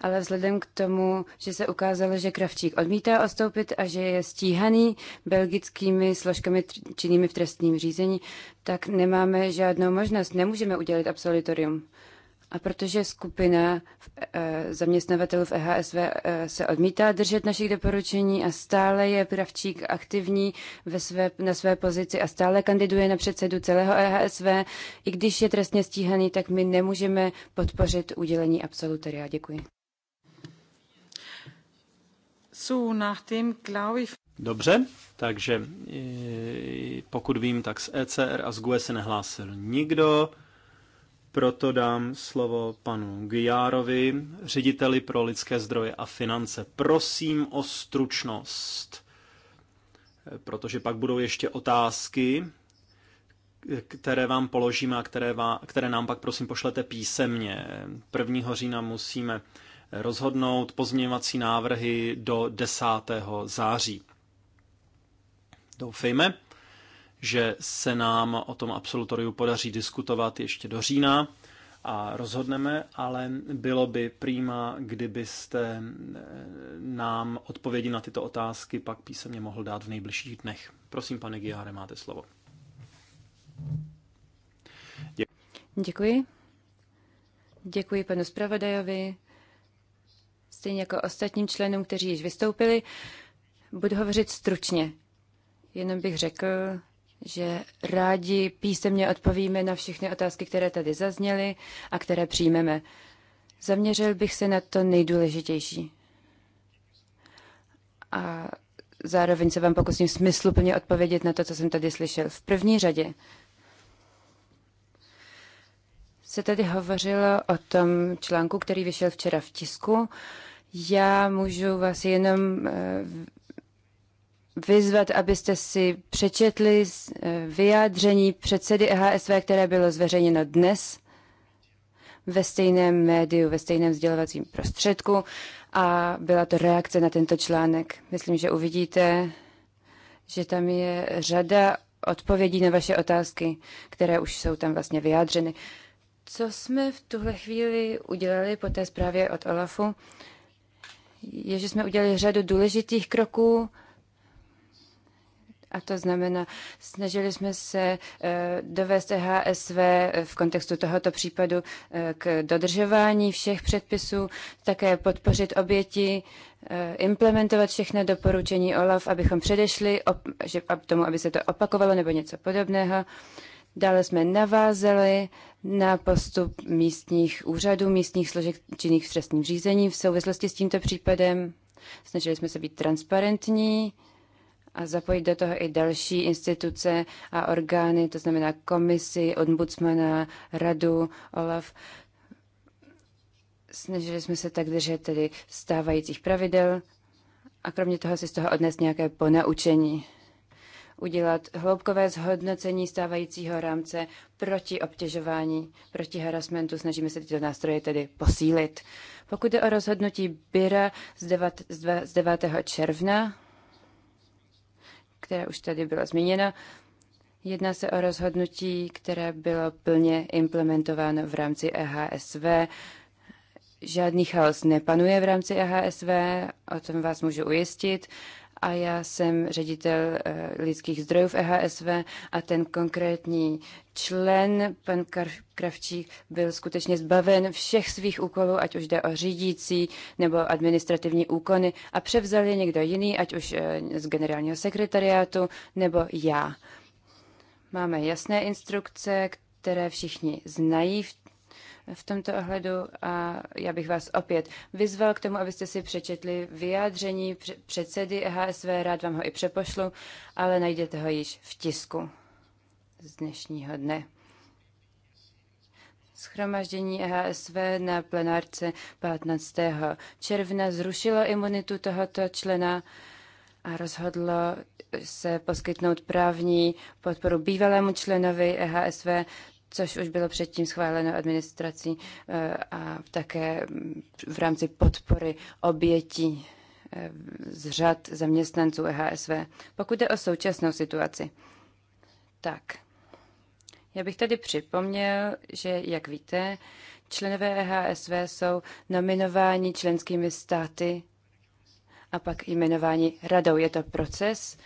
Ale vzhledem k tomu, že se ukázalo, že Kravčík odmítá odstoupit a že je stíhaný belgickými složkami činnými v trestním řízení, tak nemáme žádnou možnost. Nemůžeme udělit absolutorium. A protože skupina e, zaměstnavatelů v EHSV e, se odmítá držet našich doporučení a stále je Pravčík aktivní ve své, na své pozici a stále kandiduje na předsedu celého EHSV, i když je trestně stíhaný, tak my nemůžeme podpořit udělení absolutoria. Děkuji. Dobře, takže e, pokud vím, tak z ECR a z GUE se nehlásil nikdo. Proto dám slovo panu Gijárovi, řediteli pro lidské zdroje a finance. Prosím o stručnost, protože pak budou ještě otázky, které vám položíme a které, vám, které nám pak prosím pošlete písemně. 1. října musíme rozhodnout pozměňovací návrhy do 10. září. Doufejme, že se nám o tom absolutoriu podaří diskutovat ještě do října a rozhodneme, ale bylo by prýma, kdybyste eh, nám odpovědi na tyto otázky pak písemně mohl dát v nejbližších dnech. Prosím, pane Giáre, máte slovo. Děkuji. Děkuji. Děkuji panu zpravodajovi, stejně jako ostatním členům, kteří již vystoupili. Budu hovořit stručně. Jenom bych řekl, že rádi písemně odpovíme na všechny otázky, které tady zazněly a které přijmeme. Zaměřil bych se na to nejdůležitější. A zároveň se vám pokusím smysluplně odpovědět na to, co jsem tady slyšel. V první řadě se tady hovořilo o tom článku, který vyšel včera v tisku. Já můžu vás jenom eh, vyzvat, abyste si přečetli eh, vyjádření předsedy EHSV, které bylo zveřejněno dnes ve stejném médiu, ve stejném sdělovacím prostředku a byla to reakce na tento článek. Myslím, že uvidíte, že tam je řada odpovědí na vaše otázky, které už jsou tam vlastně vyjádřeny. Co jsme v tuhle chvíli udělali po té zprávě od Olafu, je, že jsme udělali řadu důležitých kroků, a to znamená, snažili jsme se eh, dovést HSV v kontextu tohoto případu eh, k dodržování všech předpisů, také podpořit oběti, eh, implementovat všechna doporučení OLAF, abychom předešli že, tomu, aby se to opakovalo nebo něco podobného. Dále jsme navázeli na postup místních úřadů, místních složek činných v trestním řízení v souvislosti s tímto případem. Snažili jsme se být transparentní, a zapojit do toho i další instituce a orgány, to znamená komisi, ombudsmana, radu, OLAF. Snažili jsme se tak držet tedy stávajících pravidel a kromě toho si z toho odnes nějaké ponaučení udělat hloubkové zhodnocení stávajícího rámce proti obtěžování, proti harassmentu. Snažíme se tyto nástroje tedy posílit. Pokud je o rozhodnutí Byra z 9. června, která už tady byla zmíněna. Jedná se o rozhodnutí, které bylo plně implementováno v rámci EHSV. Žádný chaos nepanuje v rámci EHSV, o tom vás můžu ujistit a já jsem ředitel eh, lidských zdrojů v EHSV a ten konkrétní člen, pan Kravčík, byl skutečně zbaven všech svých úkolů, ať už jde o řídící nebo administrativní úkony a převzal je někdo jiný, ať už eh, z generálního sekretariátu nebo já. Máme jasné instrukce, které všichni znají v v tomto ohledu a já bych vás opět vyzval k tomu, abyste si přečetli vyjádření předsedy HSV, rád vám ho i přepošlu, ale najdete ho již v tisku z dnešního dne. Schromaždění HSV na plenárce 15. června zrušilo imunitu tohoto člena a rozhodlo se poskytnout právní podporu bývalému členovi HSV což už bylo předtím schváleno administrací eh, a také v rámci podpory obětí eh, z řad zaměstnanců EHSV. Pokud jde o současnou situaci, tak já bych tady připomněl, že, jak víte, členové EHSV jsou nominováni členskými státy a pak jmenováni radou. Je to proces,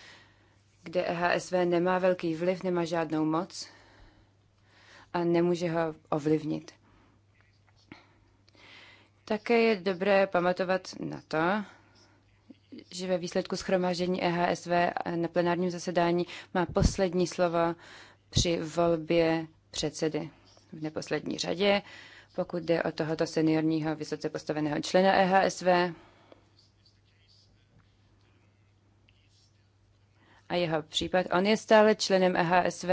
kde EHSV nemá velký vliv, nemá žádnou moc, a nemůže ho ovlivnit. Také je dobré pamatovat na to, že ve výsledku schromáždění EHSV na plenárním zasedání má poslední slovo při volbě předsedy. V neposlední řadě, pokud jde o tohoto seniorního vysoce postaveného člena EHSV, a jeho případ. On je stále členem EHSV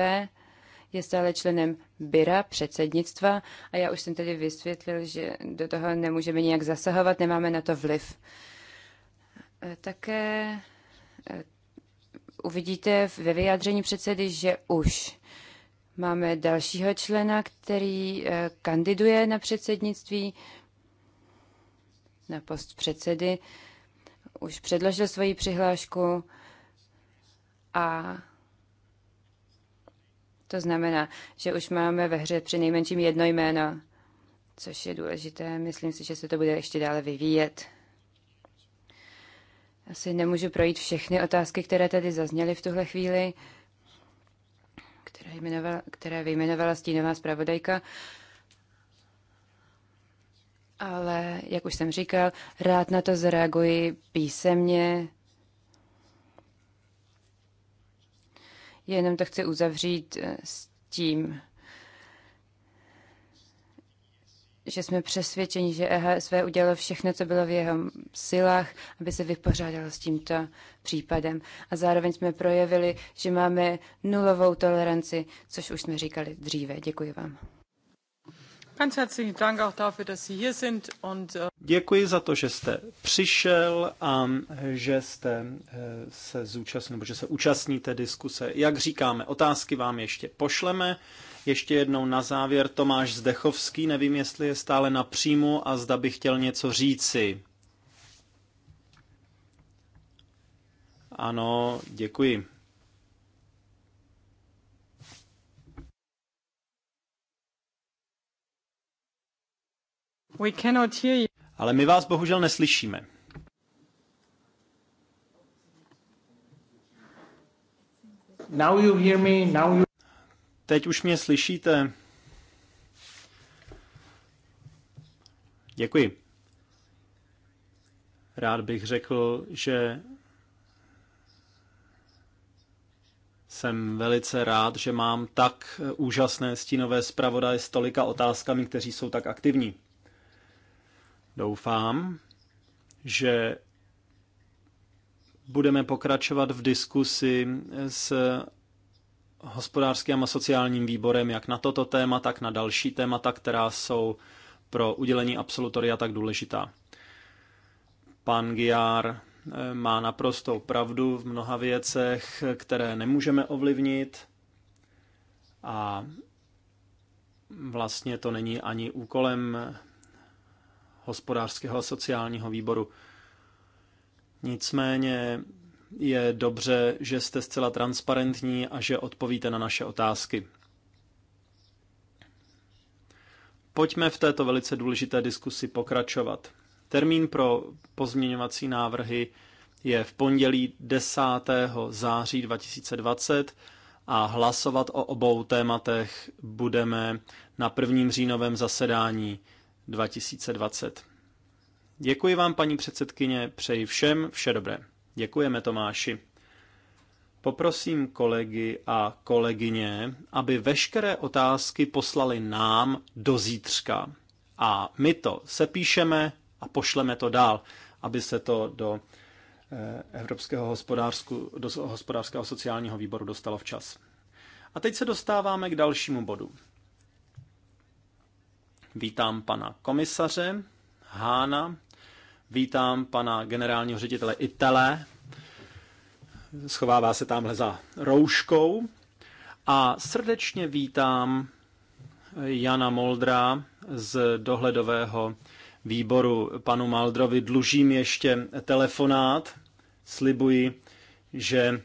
je stále členem Byra, předsednictva a já už jsem tedy vysvětlil, že do toho nemůžeme nijak zasahovat, nemáme na to vliv. E, také e, uvidíte ve vyjádření předsedy, že už máme dalšího člena, který e, kandiduje na předsednictví, na post předsedy. Už předložil svoji přihlášku a to znamená, že už máme ve hře při nejmenším jedno jméno, což je důležité. Myslím si, že se to bude ještě dále vyvíjet. Asi nemůžu projít všechny otázky, které tady zazněly v tuhle chvíli, které, vyjmenovala, které vyjmenovala stínová zpravodajka. Ale, jak už jsem říkal, rád na to zareaguji písemně Jenom to chci uzavřít eh, s tím, že jsme přesvědčeni, že EHSV udělalo všechno, co bylo v jeho silách, aby se vypořádalo s tímto případem. A zároveň jsme projevili, že máme nulovou toleranci, což už jsme říkali dříve. Děkuji vám. Äh, děkuji za to, že jste přišel a že jste eh, se zúčastnil, že se účastníte diskuse. Jak říkáme, otázky vám ještě pošleme. Ještě jednou na závěr Tomáš Zdechovský, nevím, jestli je stále na příjmu a zda by chtěl něco říci. Ano, děkuji. We cannot hear you. Ale my vás bohužel neslyšíme. Now you hear me, now you... Teď už mě slyšíte. Děkuji. Rád bych řekl, že jsem velice rád, že mám tak úžasné stínové zpravodaje s tolika otázkami, kteří jsou tak aktivní. Doufám, že budeme pokračovat v diskusi s hospodářským a sociálním výborem jak na toto téma, tak na další témata, která jsou pro udělení absolutoria tak důležitá. Pan Giár eh, má naprostou pravdu v mnoha věcech, které nemůžeme ovlivnit a vlastně to není ani úkolem hospodářského a sociálního výboru. Nicméně je dobře, že jste zcela transparentní a že odpovíte na naše otázky. Pojďme v této velice důležité diskusi pokračovat. Termín pro pozměňovací návrhy je v pondělí 10. září 2020 a hlasovat o obou tématech budeme na prvním říjnovém zasedání 2020. Děkuji vám, paní předsedkyně, přeji všem vše dobré. Děkujeme, Tomáši. Poprosím kolegy a kolegyně, aby veškeré otázky poslali nám do zítřka. A my to sepíšeme a pošleme to dál, aby se to do eh, Evropského do hospodářského sociálního výboru dostalo včas. A teď se dostáváme k dalšímu bodu. Vítám pana komisaře Hána, vítám pana generálního ředitele Itele, schovává se tamhle za rouškou a srdečně vítám Jana Moldra z dohledového výboru. Panu Maldrovi dlužím ještě telefonát, slibuji, že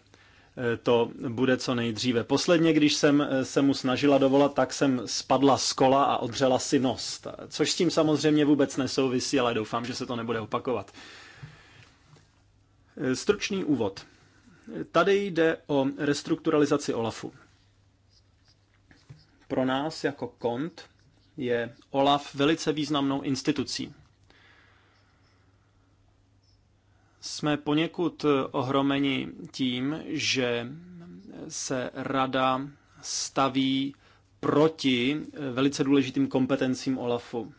to bude co nejdříve. Posledně, když jsem eh, se mu snažila dovolat, tak jsem spadla z kola a odřela si nos, což s tím samozřejmě vůbec nesouvisí, ale doufám, že se to nebude opakovat. Eh, stručný úvod. Tady jde o restrukturalizaci OLAFu. Pro nás jako kont je OLAF velice významnou institucí. jsme poněkud ohromeni tím, že se rada staví proti velice důležitým kompetencím OLAFu.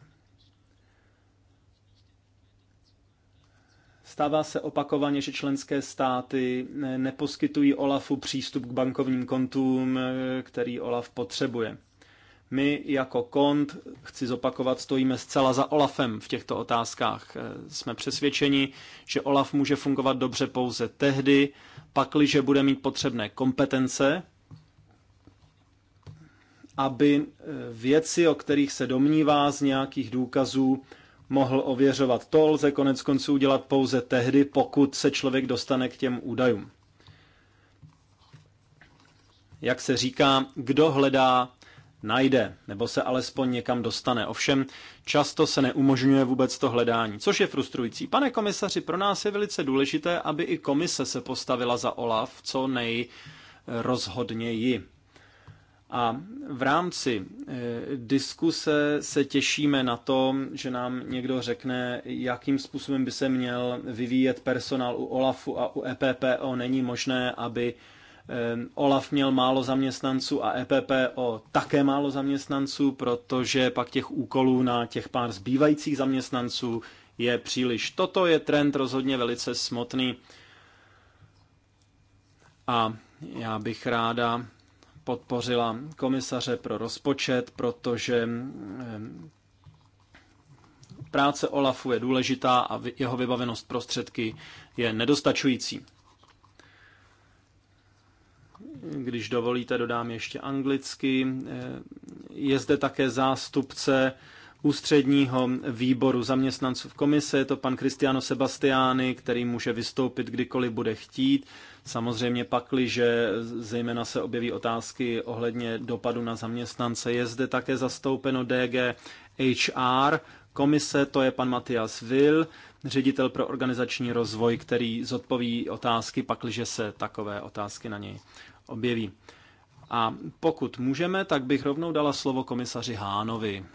Stává se opakovaně, že členské státy neposkytují OLAFu přístup k bankovním kontům, který OLAF potřebuje. My jako KONT, chci zopakovat, stojíme zcela za OLAFem v těchto otázkách. Eh, jsme přesvědčeni, že OLAF může fungovat dobře pouze tehdy, pakliže bude mít potřebné kompetence, aby eh, věci, o kterých se domnívá z nějakých důkazů, mohl ověřovat. To lze konec konců udělat pouze tehdy, pokud se člověk dostane k těm údajům. Jak se říká, kdo hledá, najde, nebo se alespoň někam dostane. Ovšem, často se neumožňuje vůbec to hledání, což je frustrující. Pane komisaři, pro nás je velice důležité, aby i komise se postavila za OLAF co nejrozhodněji. A v rámci eh, diskuse se těšíme na to, že nám někdo řekne, jakým způsobem by se měl vyvíjet personál u OLAFu a u EPPO. Není možné, aby Olaf měl málo zaměstnanců a EPP o také málo zaměstnanců, protože pak těch úkolů na těch pár zbývajících zaměstnanců je příliš. Toto je trend rozhodně velice smotný. A já bych ráda podpořila komisaře pro rozpočet, protože práce Olafu je důležitá a jeho vybavenost prostředky je nedostačující. Když dovolíte, dodám ještě anglicky. Je zde také zástupce ústředního výboru zaměstnanců v komise, je to pan Cristiano Sebastiani, který může vystoupit kdykoliv bude chtít. Samozřejmě pakli, že zejména se objeví otázky ohledně dopadu na zaměstnance. Je zde také zastoupeno DG HR, komise, to je pan Matias Will, ředitel pro organizační rozvoj, který zodpoví otázky, pakliže se takové otázky na něj objeví. A pokud můžeme, tak bych rovnou dala slovo komisaři Hánovi.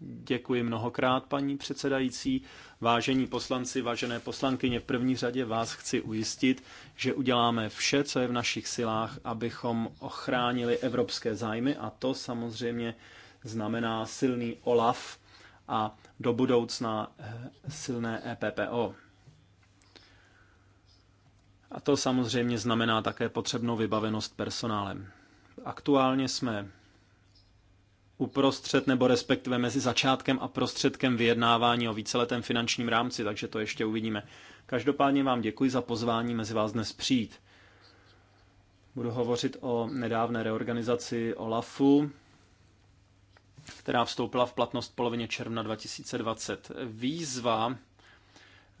Děkuji mnohokrát, paní předsedající. Vážení poslanci, vážené poslankyně, v první řadě vás chci ujistit, že uděláme vše, co je v našich silách, abychom ochránili evropské zájmy a to samozřejmě znamená silný OLAF a do budoucna eh, silné EPPO. A to samozřejmě znamená také potřebnou vybavenost personálem. Aktuálně jsme uprostřed nebo respektive mezi začátkem a prostředkem vyjednávání o víceletém finančním rámci, takže to ještě uvidíme. Každopádně vám děkuji za pozvání mezi vás dnes přijít. Budu hovořit o nedávné reorganizaci OLAFu, která vstoupila v platnost v polovině června 2020. Výzva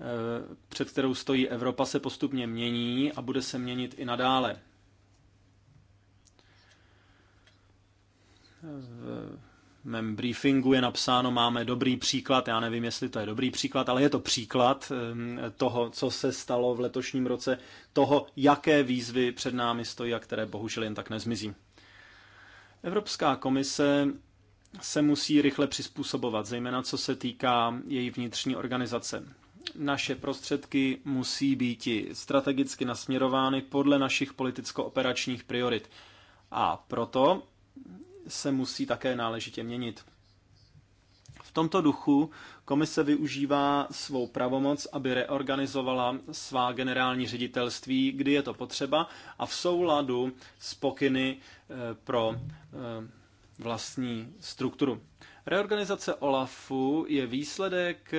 Eh, před kterou stojí Evropa, se postupně mění a bude se měnit i nadále. V mém briefingu je napsáno, máme dobrý příklad, já nevím, jestli to je dobrý příklad, ale je to příklad eh, toho, co se stalo v letošním roce, toho, jaké výzvy před námi stojí a které bohužel jen tak nezmizí. Evropská komise se musí rychle přizpůsobovat, zejména co se týká její vnitřní organizace naše prostředky musí být strategicky nasměrovány podle našich politicko-operačních priorit. A proto se musí také náležitě měnit. V tomto duchu komise využívá svou pravomoc, aby reorganizovala svá generální ředitelství, kdy je to potřeba, a v souladu s pokyny eh, pro eh, vlastní strukturu. Reorganizace OLAFu je výsledek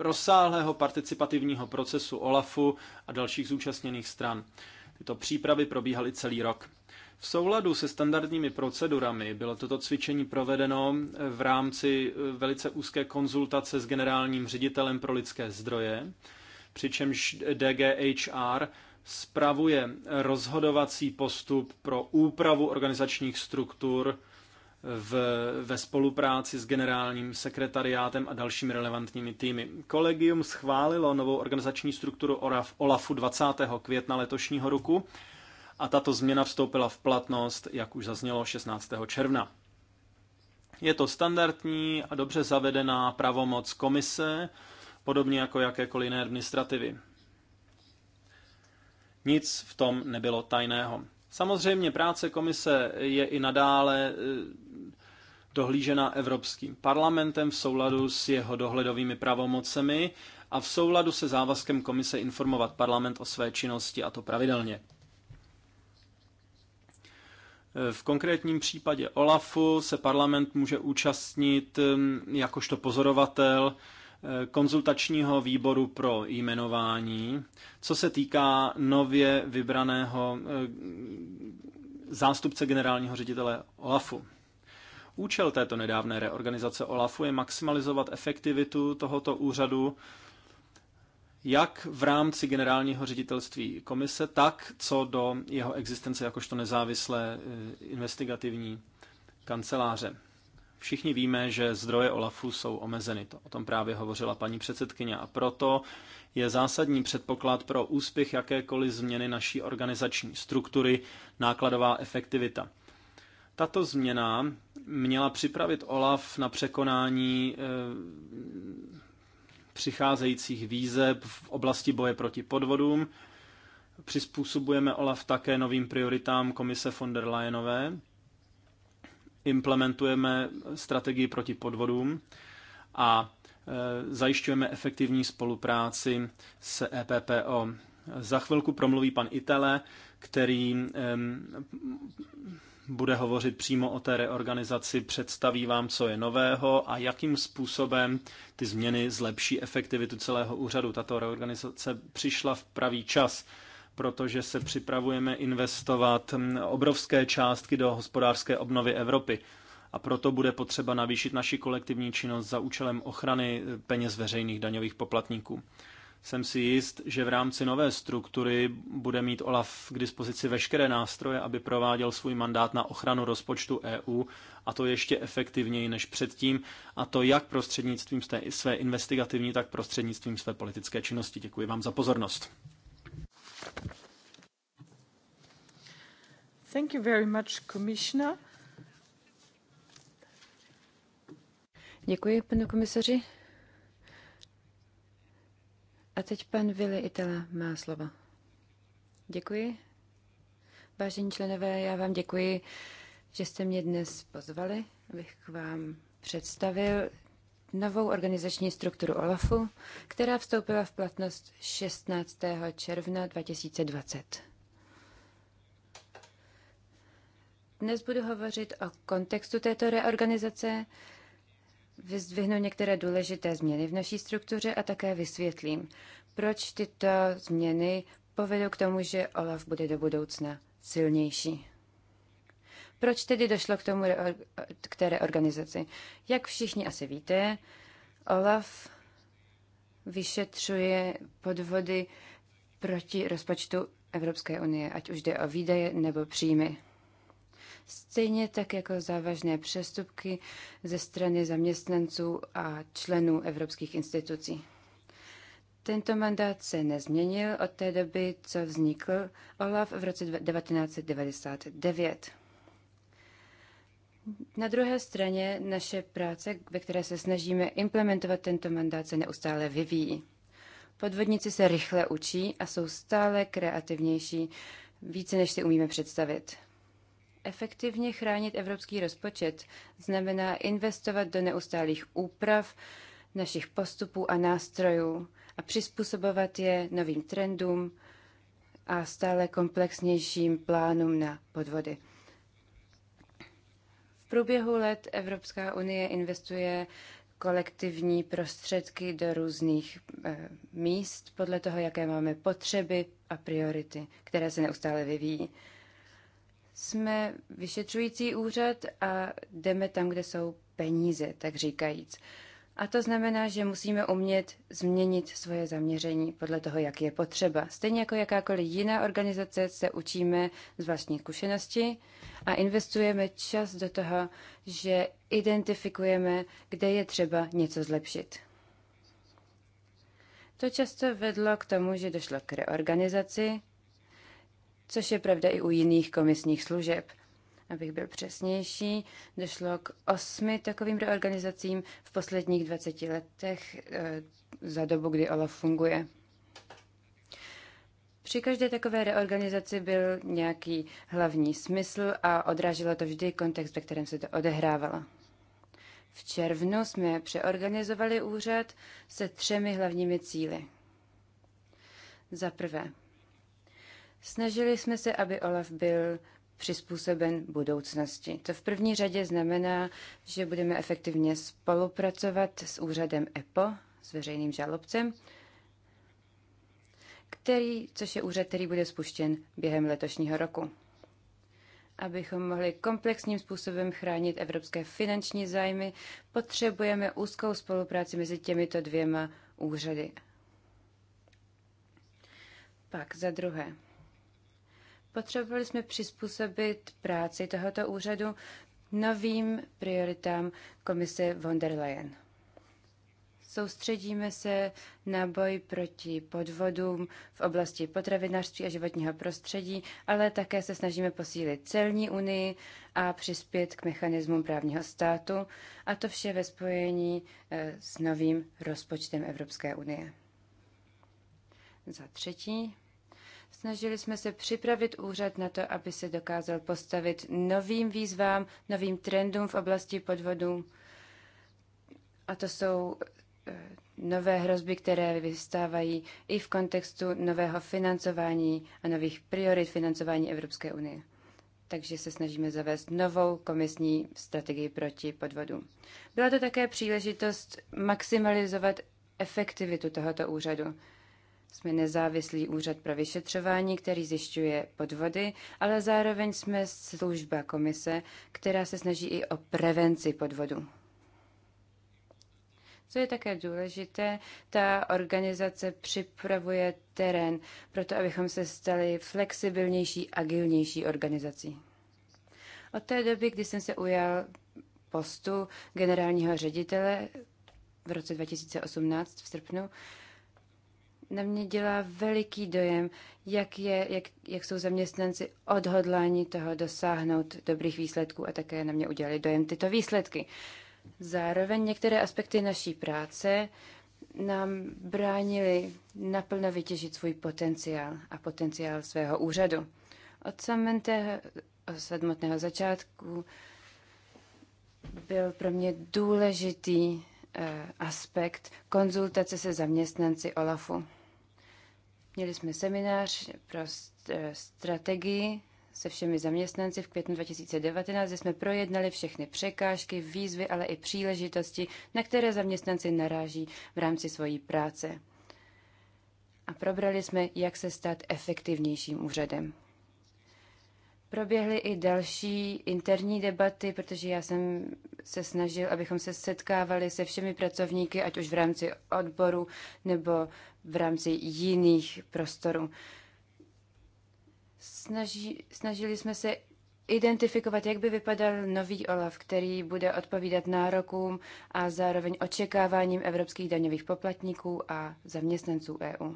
rozsáhlého participativního procesu OLAFu a dalších zúčastněných stran. Tyto přípravy probíhaly celý rok. V souladu se standardními procedurami bylo toto cvičení provedeno v rámci eh, velice úzké konzultace s generálním ředitelem pro lidské zdroje, přičemž DGHR spravuje rozhodovací postup pro úpravu organizačních struktur v, ve spolupráci s generálním sekretariátem a dalšími relevantními týmy. Kolegium schválilo novou organizační strukturu ORAF, OLAFu 20. května letošního roku a tato změna vstoupila v platnost, jak už zaznělo, 16. června. Je to standardní a dobře zavedená pravomoc komise, podobně jako jakékoliv jiné administrativy. Nic v tom nebylo tajného. Samozřejmě práce komise je i nadále eh, dohlížena Evropským parlamentem v souladu s jeho dohledovými pravomocemi a v souladu se závazkem komise informovat parlament o své činnosti a to pravidelně. V konkrétním případě OLAFu se parlament může účastnit hm, jakožto pozorovatel eh, konzultačního výboru pro jmenování, co se týká nově vybraného hm, zástupce generálního ředitele OLAFu. Účel této nedávné reorganizace OLAFu je maximalizovat efektivitu tohoto úřadu jak v rámci generálního ředitelství komise, tak co do jeho existence jakožto nezávislé eh, investigativní kanceláře. Všichni víme, že zdroje OLAFu jsou omezeny. To, o tom právě hovořila paní předsedkyně. A proto je zásadní předpoklad pro úspěch jakékoliv změny naší organizační struktury nákladová efektivita. Tato změna měla připravit OLAF na překonání eh, přicházejících výzeb v oblasti boje proti podvodům. Přizpůsobujeme OLAF také novým prioritám komise von der Leyenové. Implementujeme strategii proti podvodům a eh, zajišťujeme efektivní spolupráci s EPPO. Za chvilku promluví pan Itele, který bude hovořit přímo o té reorganizaci, představí vám, co je nového a jakým způsobem ty změny zlepší efektivitu celého úřadu. Tato reorganizace přišla v pravý čas, protože se připravujeme investovat mm, obrovské částky do hospodářské obnovy Evropy. A proto bude potřeba navýšit naši kolektivní činnost za účelem ochrany e, peněz veřejných daňových poplatníků jsem si jist, že v rámci nové struktury bude mít Olaf k dispozici veškeré nástroje, aby prováděl svůj mandát na ochranu rozpočtu EU, a to ještě efektivněji než předtím, a to jak prostřednictvím své investigativní, tak prostřednictvím své politické činnosti. Děkuji vám za pozornost. Thank you very much, Commissioner. Děkuji, panu komisaři. A teď pan Vili Itala má slovo. Děkuji. Vážení členové, já vám děkuji, že jste mě dnes pozvali, abych k vám představil novou organizační strukturu OLAFu, která vstoupila v platnost 16. června 2020. Dnes budu hovořit o kontextu této reorganizace, vyzdvihnu některé důležité změny v naší struktuře a také vysvětlím, proč tyto změny povedou k tomu, že OLAF bude do budoucna silnější. Proč tedy došlo k tomu, k té organizaci? Jak všichni asi víte, OLAF vyšetřuje podvody proti rozpočtu Evropské unie, ať už jde o výdaje nebo příjmy stejně tak jako závažné přestupky ze strany zaměstnanců a členů evropských institucí. Tento mandát se nezměnil od té doby, co vznikl OLAF v roce 1999. Na druhé straně naše práce, ve které se snažíme implementovat tento mandát, se neustále vyvíjí. Podvodníci se rychle učí a jsou stále kreativnější, více než si umíme představit. Efektivně chránit evropský rozpočet znamená investovat do neustálých úprav našich postupů a nástrojů a přizpůsobovat je novým trendům a stále komplexnějším plánům na podvody. V průběhu let Evropská unie investuje kolektivní prostředky do různých e, míst podle toho, jaké máme potřeby a priority, které se neustále vyvíjí jsme vyšetřující úřad a jdeme tam, kde jsou peníze, tak říkajíc. A to znamená, že musíme umět změnit svoje zaměření podle toho, jak je potřeba. Stejně jako jakákoliv jiná organizace se učíme z vlastní zkušenosti a investujeme čas do toho, že identifikujeme, kde je třeba něco zlepšit. To často vedlo k tomu, že došlo k reorganizaci což je pravda i u jiných komisních služeb. Abych byl přesnější, došlo k osmi takovým reorganizacím v posledních 20 letech eh, za dobu, kdy OLAF funguje. Při každé takové reorganizaci byl nějaký hlavní smysl a odrážilo to vždy kontext, ve kterém se to odehrávalo. V červnu jsme přeorganizovali úřad se třemi hlavními cíly. Za prvé, Snažili jsme se, aby OLAF byl přizpůsoben budoucnosti. To v první řadě znamená, že budeme efektivně spolupracovat s úřadem EPO, s veřejným žalobcem, který, což je úřad, který bude spuštěn během letošního roku. Abychom mohli komplexním způsobem chránit evropské finanční zájmy, potřebujeme úzkou spolupráci mezi těmito dvěma úřady. Pak za druhé. Potřebovali jsme přizpůsobit práci tohoto úřadu novým prioritám komise von der Leyen. Soustředíme se na boj proti podvodům v oblasti potravinářství a životního prostředí, ale také se snažíme posílit celní unii a přispět k mechanismům právního státu, a to vše ve spojení eh, s novým rozpočtem Evropské unie. Za třetí, Snažili jsme se připravit úřad na to, aby se dokázal postavit novým výzvám, novým trendům v oblasti podvodů. A to jsou eh, nové hrozby, které vystávají i v kontextu nového financování a nových priorit financování Evropské unie. Takže se snažíme zavést novou komisní strategii proti podvodům. Byla to také příležitost maximalizovat efektivitu tohoto úřadu. Jsme nezávislý úřad pro vyšetřování, který zjišťuje podvody, ale zároveň jsme služba komise, která se snaží i o prevenci podvodu. Co je také důležité, ta organizace připravuje terén, proto abychom se stali flexibilnější, agilnější organizací. Od té doby, kdy jsem se ujal postu generálního ředitele v roce 2018 v srpnu, na mě dělá veliký dojem, jak, je, jak, jak jsou zaměstnanci odhodláni toho dosáhnout dobrých výsledků a také na mě udělali dojem tyto výsledky. Zároveň některé aspekty naší práce nám bránili naplno vytěžit svůj potenciál a potenciál svého úřadu. Od samotného, od samotného začátku byl pro mě důležitý eh, aspekt konzultace se zaměstnanci OLAFu. Měli jsme seminář pro eh, strategii se všemi zaměstnanci v květnu 2019, kde jsme projednali všechny překážky, výzvy, ale i příležitosti, na které zaměstnanci naráží v rámci svojí práce. A probrali jsme, jak se stát efektivnějším úřadem. Proběhly i další interní debaty, protože já jsem se snažil, abychom se setkávali se všemi pracovníky, ať už v rámci odboru nebo v rámci jiných prostorů. Snaží, snažili jsme se identifikovat, jak by vypadal nový OLAF, který bude odpovídat nárokům a zároveň očekáváním evropských daňových poplatníků a zaměstnanců EU.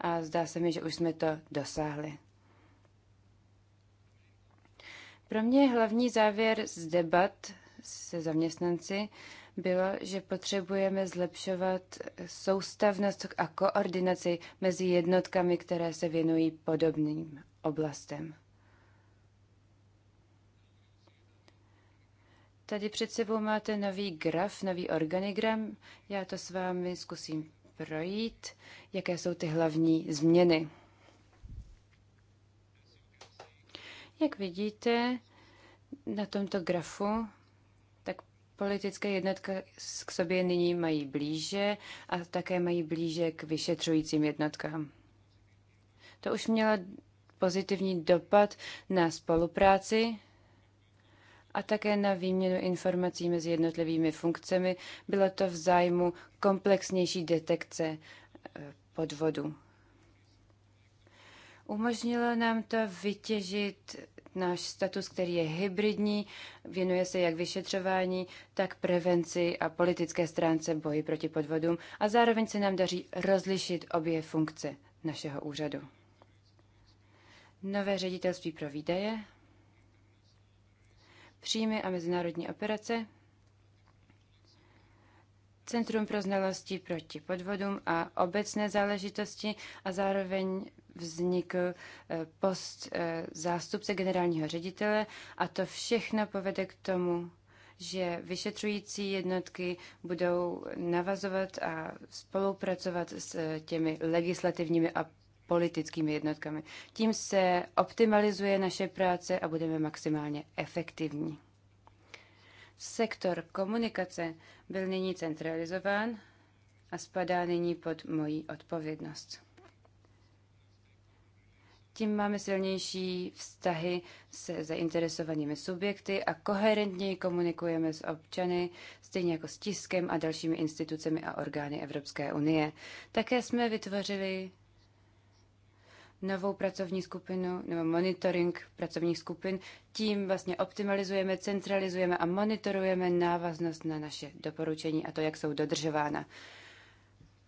A zdá se mi, že už jsme to dosáhli. Pro mě hlavní závěr z debat se zaměstnanci bylo, že potřebujeme zlepšovat soustavnost a koordinaci mezi jednotkami, které se věnují podobným oblastem. Tady před sebou máte nový graf, nový organigram. Já to s vámi zkusím projít, jaké jsou ty hlavní změny. Jak vidíte na tomto grafu, tak politické jednotka k sobě nyní mají blíže a také mají blíže k vyšetřujícím jednotkám. To už mělo pozitivní dopad na spolupráci a také na výměnu informací mezi jednotlivými funkcemi. Bylo to v zájmu komplexnější detekce eh, podvodu. Umožnilo nám to vytěžit náš status, který je hybridní, věnuje se jak vyšetřování, tak prevenci a politické stránce boji proti podvodům a zároveň se nám daří rozlišit obě funkce našeho úřadu. Nové ředitelství pro výdaje, příjmy a mezinárodní operace, Centrum pro znalosti proti podvodům a obecné záležitosti a zároveň vznikl eh, post eh, zástupce generálního ředitele a to všechno povede k tomu, že vyšetřující jednotky budou navazovat a spolupracovat s eh, těmi legislativními a politickými jednotkami. Tím se optimalizuje naše práce a budeme maximálně efektivní. Sektor komunikace byl nyní centralizován a spadá nyní pod moji odpovědnost tím máme silnější vztahy se zainteresovanými subjekty a koherentněji komunikujeme s občany, stejně jako s tiskem a dalšími institucemi a orgány Evropské unie. Také jsme vytvořili novou pracovní skupinu nebo monitoring pracovních skupin. Tím vlastně optimalizujeme, centralizujeme a monitorujeme návaznost na naše doporučení a to, jak jsou dodržována.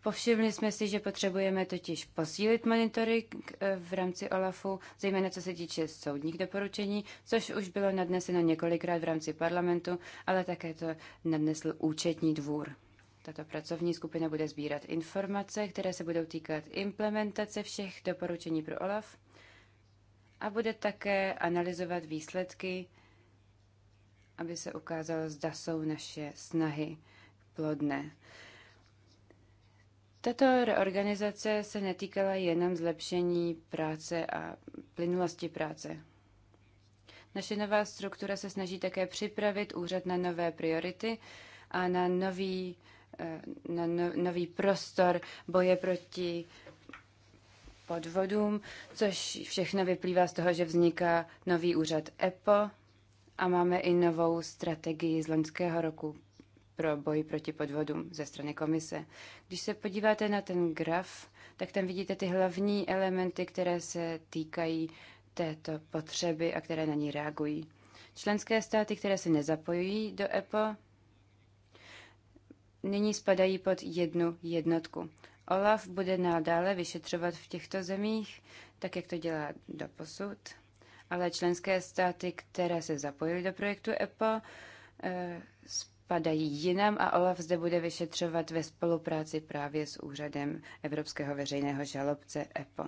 Povšimli jsme si, že potřebujeme totiž posílit monitoring eh, v rámci OLAFu, zejména co se týče soudních doporučení, což už bylo nadneseno několikrát v rámci parlamentu, ale také to nadnesl účetní dvůr. Tato pracovní skupina bude sbírat informace, které se budou týkat implementace všech doporučení pro OLAF a bude také analyzovat výsledky, aby se ukázalo, zda jsou naše snahy plodné. Tato reorganizace se netýkala jenom zlepšení práce a plynulosti práce. Naše nová struktura se snaží také připravit úřad na nové priority a na nový, eh, na no, nový prostor boje proti podvodům, což všechno vyplývá z toho, že vzniká nový úřad EPO a máme i novou strategii z loňského roku pro boj proti podvodům ze strany komise. Když se podíváte na ten graf, tak tam vidíte ty hlavní elementy, které se týkají této potřeby a které na ní reagují. Členské státy, které se nezapojují do EPO, nyní spadají pod jednu jednotku. OLAF bude nadále vyšetřovat v těchto zemích, tak jak to dělá do posud, ale členské státy, které se zapojily do projektu EPO, eh, padají jinam a OLAF zde bude vyšetřovat ve spolupráci právě s úřadem Evropského veřejného žalobce EPO.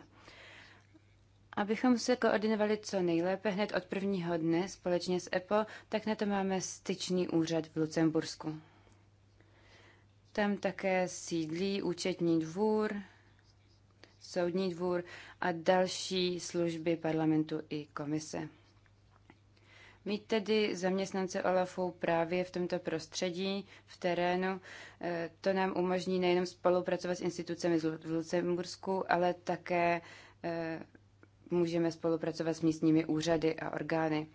Abychom se koordinovali co nejlépe hned od prvního dne společně s EPO, tak na to máme styčný úřad v Lucembursku. Tam také sídlí účetní dvůr, soudní dvůr a další služby parlamentu i komise. Mít tedy zaměstnance OLAFu právě v tomto prostředí, v terénu, eh, to nám umožní nejenom spolupracovat s institucemi v Lucembursku, ale také eh, můžeme spolupracovat s místními úřady a orgány.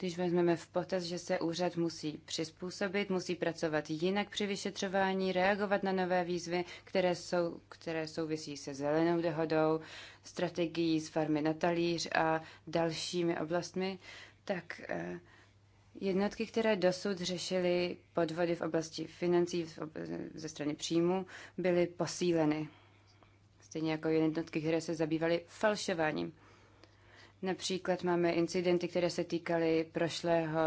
Když vezmeme v potaz, že se úřad musí přizpůsobit, musí pracovat jinak při vyšetřování, reagovat na nové výzvy, které, jsou, které souvisí se zelenou dohodou, strategií z farmy na talíř a dalšími oblastmi, tak eh, jednotky, které dosud řešily podvody v oblasti financí ze strany příjmu, byly posíleny. Stejně jako jednotky, které se zabývaly falšováním. Například máme incidenty, které se týkaly prošlého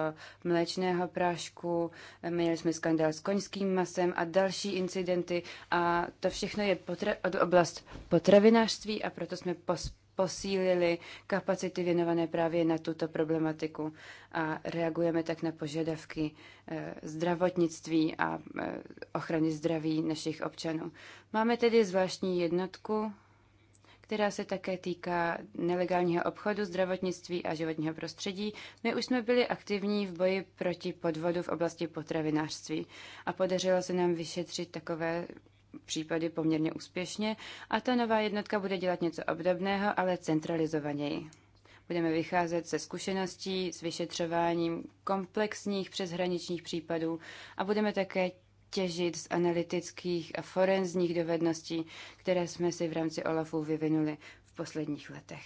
mléčného prášku, měli jsme skandál s koňským masem a další incidenty a to všechno je potra- od oblast potravinářství a proto jsme pos- posílili kapacity věnované právě na tuto problematiku a reagujeme tak na požadavky eh, zdravotnictví a eh, ochrany zdraví našich občanů. Máme tedy zvláštní jednotku která se také týká nelegálního obchodu, zdravotnictví a životního prostředí. My už jsme byli aktivní v boji proti podvodu v oblasti potravinářství a podařilo se nám vyšetřit takové případy poměrně úspěšně a ta nová jednotka bude dělat něco obdobného, ale centralizovaněji. Budeme vycházet ze zkušeností s vyšetřováním komplexních přeshraničních případů a budeme také těžit z analytických a forenzních dovedností, které jsme si v rámci OLAFu vyvinuli v posledních letech.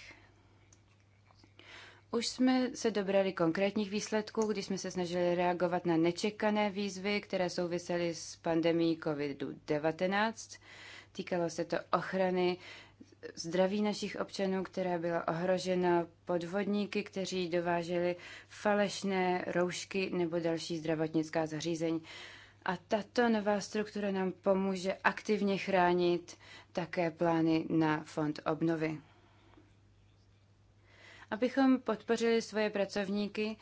Už jsme se dobrali konkrétních výsledků, když jsme se snažili reagovat na nečekané výzvy, které souvisely s pandemí COVID-19. Týkalo se to ochrany zdraví našich občanů, která byla ohrožena podvodníky, kteří dováželi falešné roušky nebo další zdravotnická zařízení. A tato nová struktura nám pomůže aktivně chránit také plány na fond obnovy. Abychom podpořili svoje pracovníky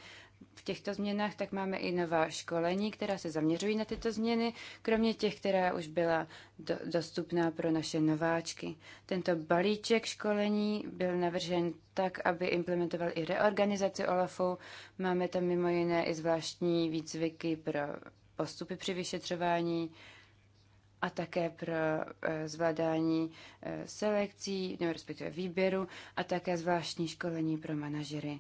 v těchto změnách, tak máme i nová školení, která se zaměřují na tyto změny, kromě těch, která už byla do, dostupná pro naše nováčky. Tento balíček školení byl navržen tak, aby implementoval i reorganizaci OLAFu. Máme tam mimo jiné i zvláštní výcviky pro postupy při vyšetřování a také pro eh, zvládání eh, selekcí, nebo respektive výběru, a také zvláštní školení pro manažery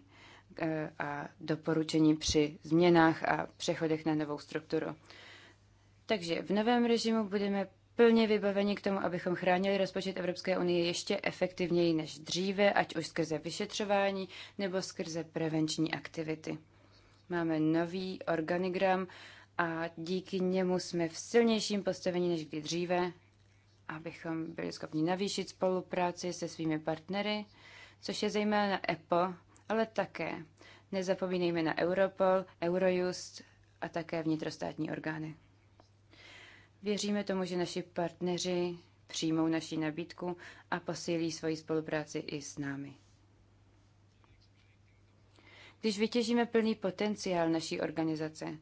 eh, a doporučení při změnách a přechodech na novou strukturu. Takže v novém režimu budeme plně vybaveni k tomu, abychom chránili rozpočet Evropské unie ještě efektivněji než dříve, ať už skrze vyšetřování nebo skrze prevenční aktivity. Máme nový organigram a díky němu jsme v silnějším postavení než kdy dříve, abychom byli schopni navýšit spolupráci se svými partnery, což je zejména na EPO, ale také nezapomínejme na Europol, Eurojust a také vnitrostátní orgány. Věříme tomu, že naši partneři přijmou naši nabídku a posílí svoji spolupráci i s námi. Když vytěžíme plný potenciál naší organizace,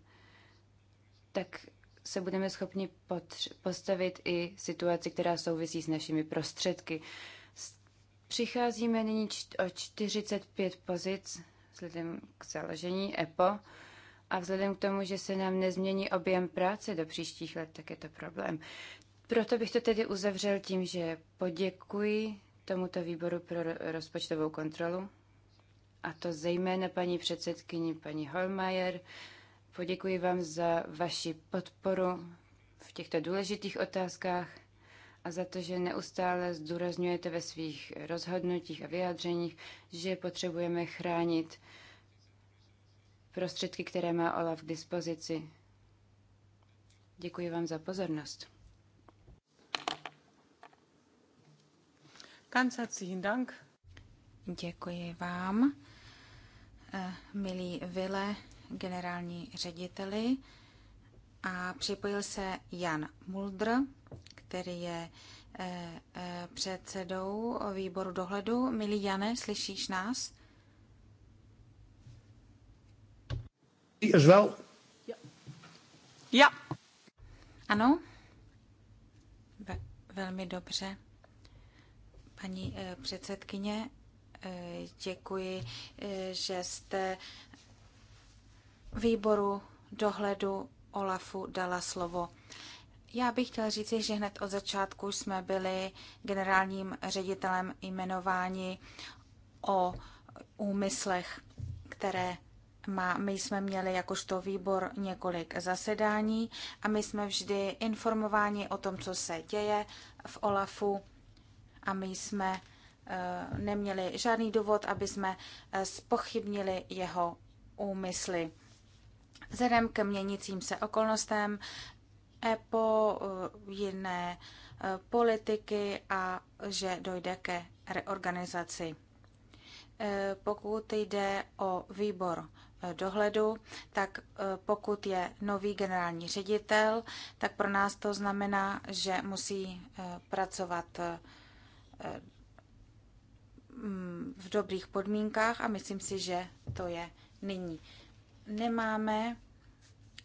tak se budeme schopni postavit i situaci, která souvisí s našimi prostředky. Přicházíme nyní o 45 pozic vzhledem k založení EPO a vzhledem k tomu, že se nám nezmění objem práce do příštích let, tak je to problém. Proto bych to tedy uzavřel tím, že poděkuji tomuto výboru pro rozpočtovou kontrolu, a to zejména paní předsedkyni paní Holmajer Poděkuji vám za vaši podporu v těchto důležitých otázkách a za to, že neustále zdůrazňujete ve svých rozhodnutích a vyjádřeních, že potřebujeme chránit prostředky, které má OLAF k dispozici. Děkuji vám za pozornost. Ganz herzlichen Dank. Děkuji vám, eh, milí Vile generální řediteli a připojil se Jan Muldr, který je eh, eh, předsedou výboru dohledu. Milý Jane, slyšíš nás? As well. Ano? Ve- velmi dobře. Paní eh, předsedkyně, děkuji, že jste výboru dohledu Olafu dala slovo. Já bych chtěl říci, že hned od začátku jsme byli generálním ředitelem jmenováni o úmyslech, které má, my jsme měli jakožto výbor několik zasedání a my jsme vždy informováni o tom, co se děje v OLAFu a my jsme eh, neměli žádný důvod, aby jsme spochybnili eh, jeho úmysly. Vzhledem k měnícím se okolnostem EPO, eh, jiné eh, politiky a že dojde ke reorganizaci. Eh, pokud jde o výbor dohledu, tak pokud je nový generální ředitel, tak pro nás to znamená, že musí pracovat mm, v dobrých podmínkách a myslím si, že to je nyní. Nemáme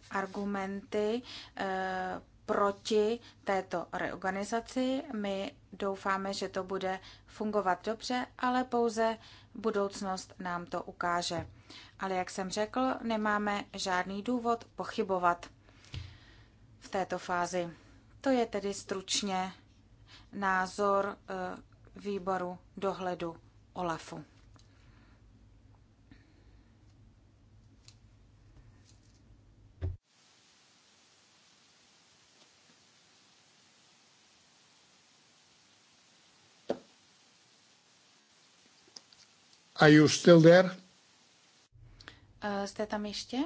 argumenty eh, proti této reorganizaci. My doufáme, že to bude fungovat dobře, ale pouze budoucnost nám to ukáže. Ale jak jsem řekl, nemáme žádný důvod pochybovat v této fázi. To je tedy stručně názor eh, výboru dohledu OLAFu. Are you still there? Uh, Jste tam ještě?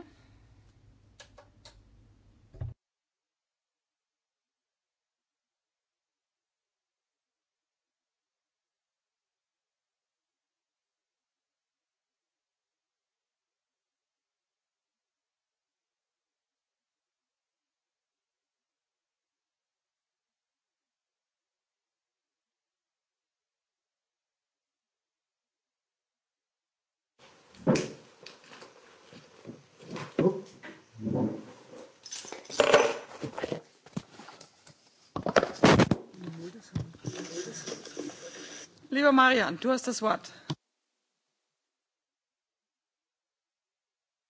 Lieber Marian, du hast das Wort.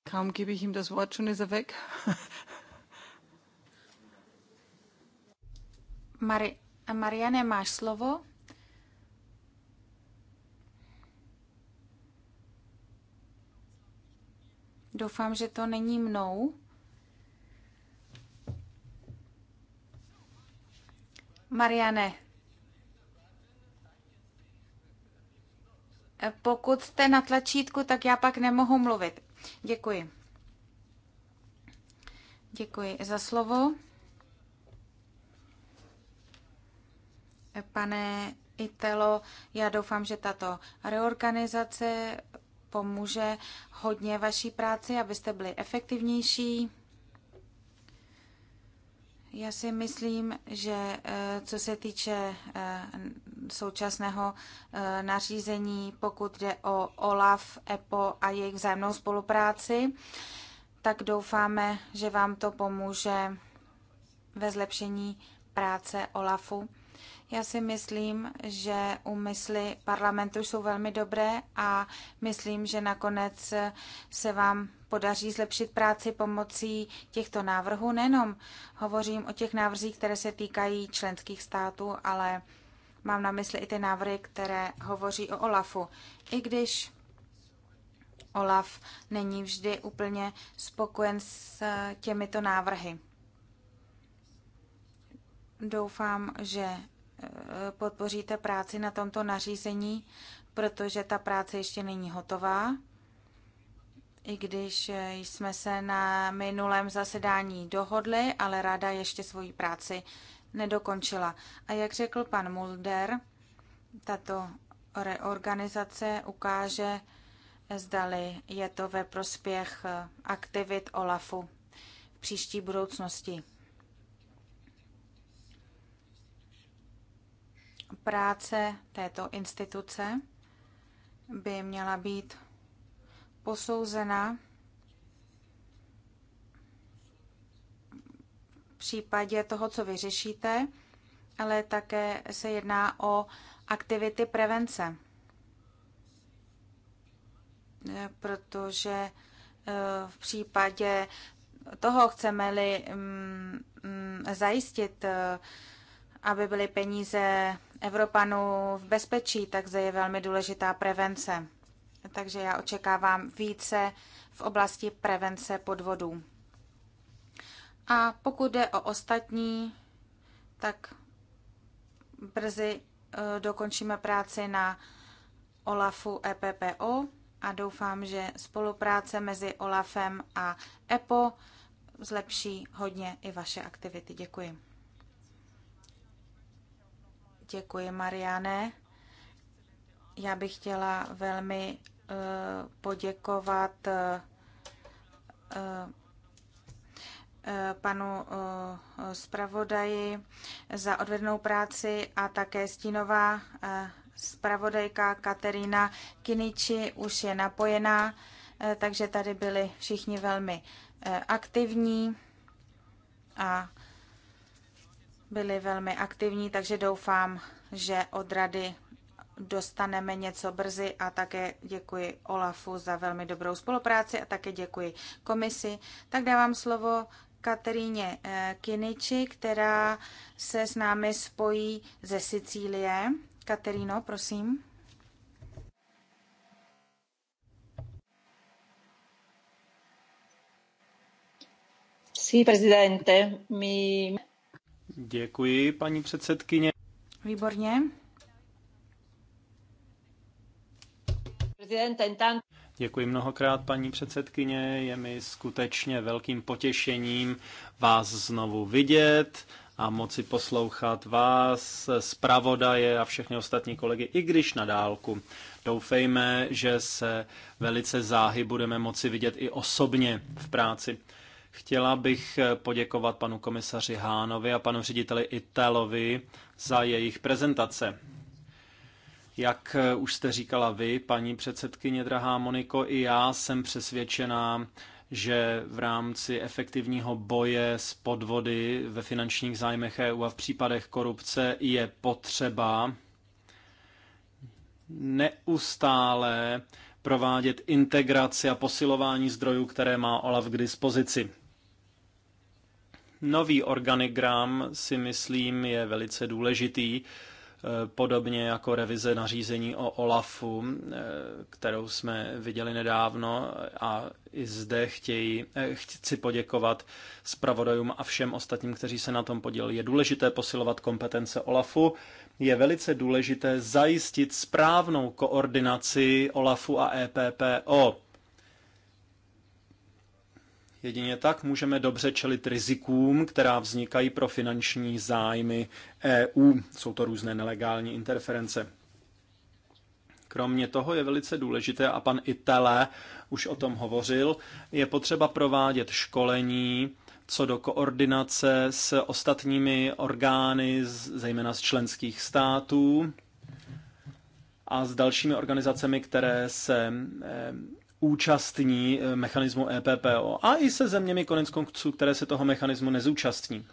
Kaum gebe ich ihm das Wort, schon ist er weg. Mari, Marianne, máš slovo? Doufám, že to není mnou. Mariane, pokud jste na tlačítku, tak já pak nemohu mluvit. Děkuji. Děkuji za slovo. Pane Italo, já doufám, že tato reorganizace pomůže hodně vaší práci, abyste byli efektivnější. Já si myslím, že eh, co se týče eh, současného eh, nařízení, pokud jde o OLAF, EPO a jejich vzájemnou spolupráci, tak doufáme, že vám to pomůže ve zlepšení práce OLAFu já si myslím, že úmysly parlamentu jsou velmi dobré a myslím, že nakonec se vám podaří zlepšit práci pomocí těchto návrhů. Nejenom hovořím o těch návrzích, které se týkají členských států, ale mám na mysli i ty návrhy, které hovoří o OLAFu. I když OLAF není vždy úplně spokojen s těmito návrhy. Doufám, že podpoříte práci na tomto nařízení, protože ta práce ještě není hotová. I když jsme se na minulém zasedání dohodli, ale ráda ještě svoji práci nedokončila. A jak řekl pan Mulder, tato reorganizace ukáže, zdali je to ve prospěch aktivit OLAFu v příští budoucnosti. Práce této instituce by měla být posouzena v případě toho, co vyřešíte, ale také se jedná o aktivity prevence. Protože eh, v případě toho chceme-li mm, mm, zajistit, eh, aby byly peníze Evropanů v bezpečí, tak zde je velmi důležitá prevence. Takže já očekávám více v oblasti prevence podvodů. A pokud jde o ostatní, tak brzy eh, dokončíme práci na OLAFu EPPO a doufám, že spolupráce mezi OLAFem a EPO zlepší hodně i vaše aktivity. Děkuji. Děkuji, Mariane. Já bych chtěla velmi eh, poděkovat eh, eh, panu zpravodaji za odvednou práci a také stínová zpravodajka Katerina Kiniči už je napojená, takže tady byli všichni velmi aktivní a byli velmi aktivní, takže doufám, že od rady dostaneme něco brzy a také děkuji Olafu za velmi dobrou spolupráci a také děkuji komisi. Tak dávám slovo Kateríně eh, Kiniči, která se s námi spojí ze Sicílie. Kateríno, prosím. Sí, presidente. Mi... Děkuji, paní předsedkyně. Výborně. Děkuji mnohokrát, paní předsedkyně. Je mi skutečně velkým potěšením vás znovu vidět a moci poslouchat vás, zpravodaje a všechny ostatní kolegy, i když na dálku. Doufejme, že se velice záhy budeme moci vidět i osobně v práci. Chtěla bych eh, poděkovat panu komisaři Hánovi a panu řediteli Italovi za jejich prezentace. Jak eh, už jste říkala vy, paní předsedkyně drahá Moniko, i já jsem přesvědčená, že v rámci efektivního boje s podvody ve finančních zájmech EU a v případech korupce je potřeba neustále provádět integraci a posilování zdrojů, které má OLAF k dispozici. Nový organigram si myslím je velice důležitý, eh, podobně jako revize nařízení o OLAFu, eh, kterou jsme viděli nedávno a i zde chtějí, eh, chci poděkovat zpravodajům a všem ostatním, kteří se na tom podíleli. Je důležité posilovat kompetence OLAFu, je velice důležité zajistit správnou koordinaci OLAFu a EPPO Jedině tak můžeme dobře čelit rizikům, která vznikají pro finanční zájmy EU. Jsou to různé nelegální interference. Kromě toho je velice důležité, a pan Itele už o tom hovořil, je potřeba provádět školení co do koordinace s ostatními orgány, zejména z členských států a s dalšími organizacemi, které se eh, účastní eh, mechanismu EPPO a i se zeměmi konec konců, které se toho mechanismu nezúčastní.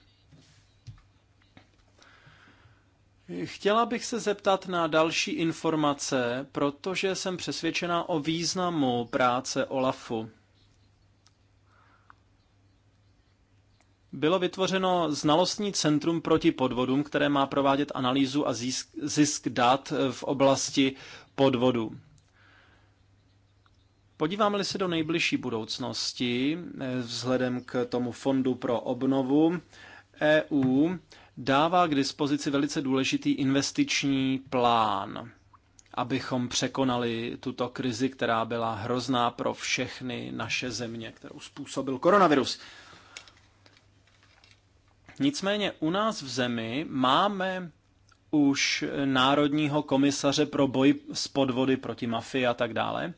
Chtěla bych se zeptat na další informace, protože jsem přesvědčená o významu práce OLAFu. Bylo vytvořeno znalostní centrum proti podvodům, které má provádět analýzu a zisk, dat v oblasti podvodů. Podíváme-li se do nejbližší budoucnosti, eh, vzhledem k tomu fondu pro obnovu, EU dává k dispozici velice důležitý investiční plán, abychom překonali tuto krizi, která byla hrozná pro všechny naše země, kterou způsobil koronavirus. Nicméně u nás v zemi máme už národního komisaře pro boj s podvody proti mafii a tak dále.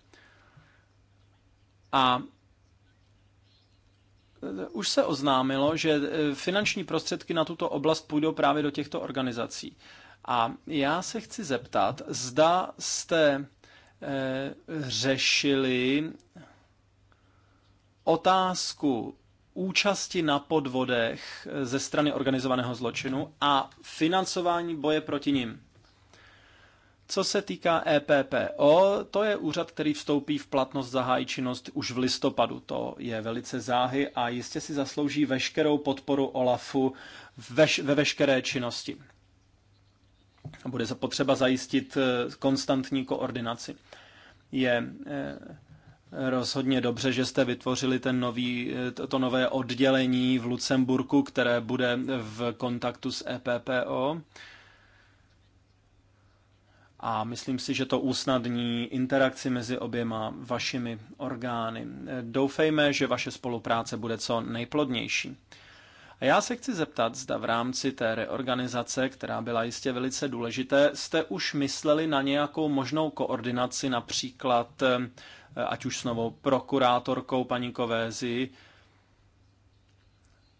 A e, už se oznámilo, že e, finanční prostředky na tuto oblast půjdou právě do těchto organizací. A já se chci zeptat, zda jste eh, řešili otázku účasti na podvodech e, ze strany organizovaného zločinu a financování boje proti nim. Co se týká EPPO, to je úřad, který vstoupí v platnost zahájí činnost už v listopadu. To je velice záhy a jistě si zaslouží veškerou podporu OLAFu ve veškeré činnosti. Bude potřeba zajistit eh, konstantní koordinaci. Je eh, rozhodně dobře, že jste vytvořili ten nový, eh, to, to nové oddělení v Lucemburku, které bude v kontaktu s EPPO a myslím si, že to usnadní interakci mezi oběma vašimi orgány. Doufejme, že vaše spolupráce bude co nejplodnější. A já se chci zeptat, zda v rámci té reorganizace, která byla jistě velice důležité, jste už mysleli na nějakou možnou koordinaci, například eh, ať už s novou prokurátorkou paní Kovézy,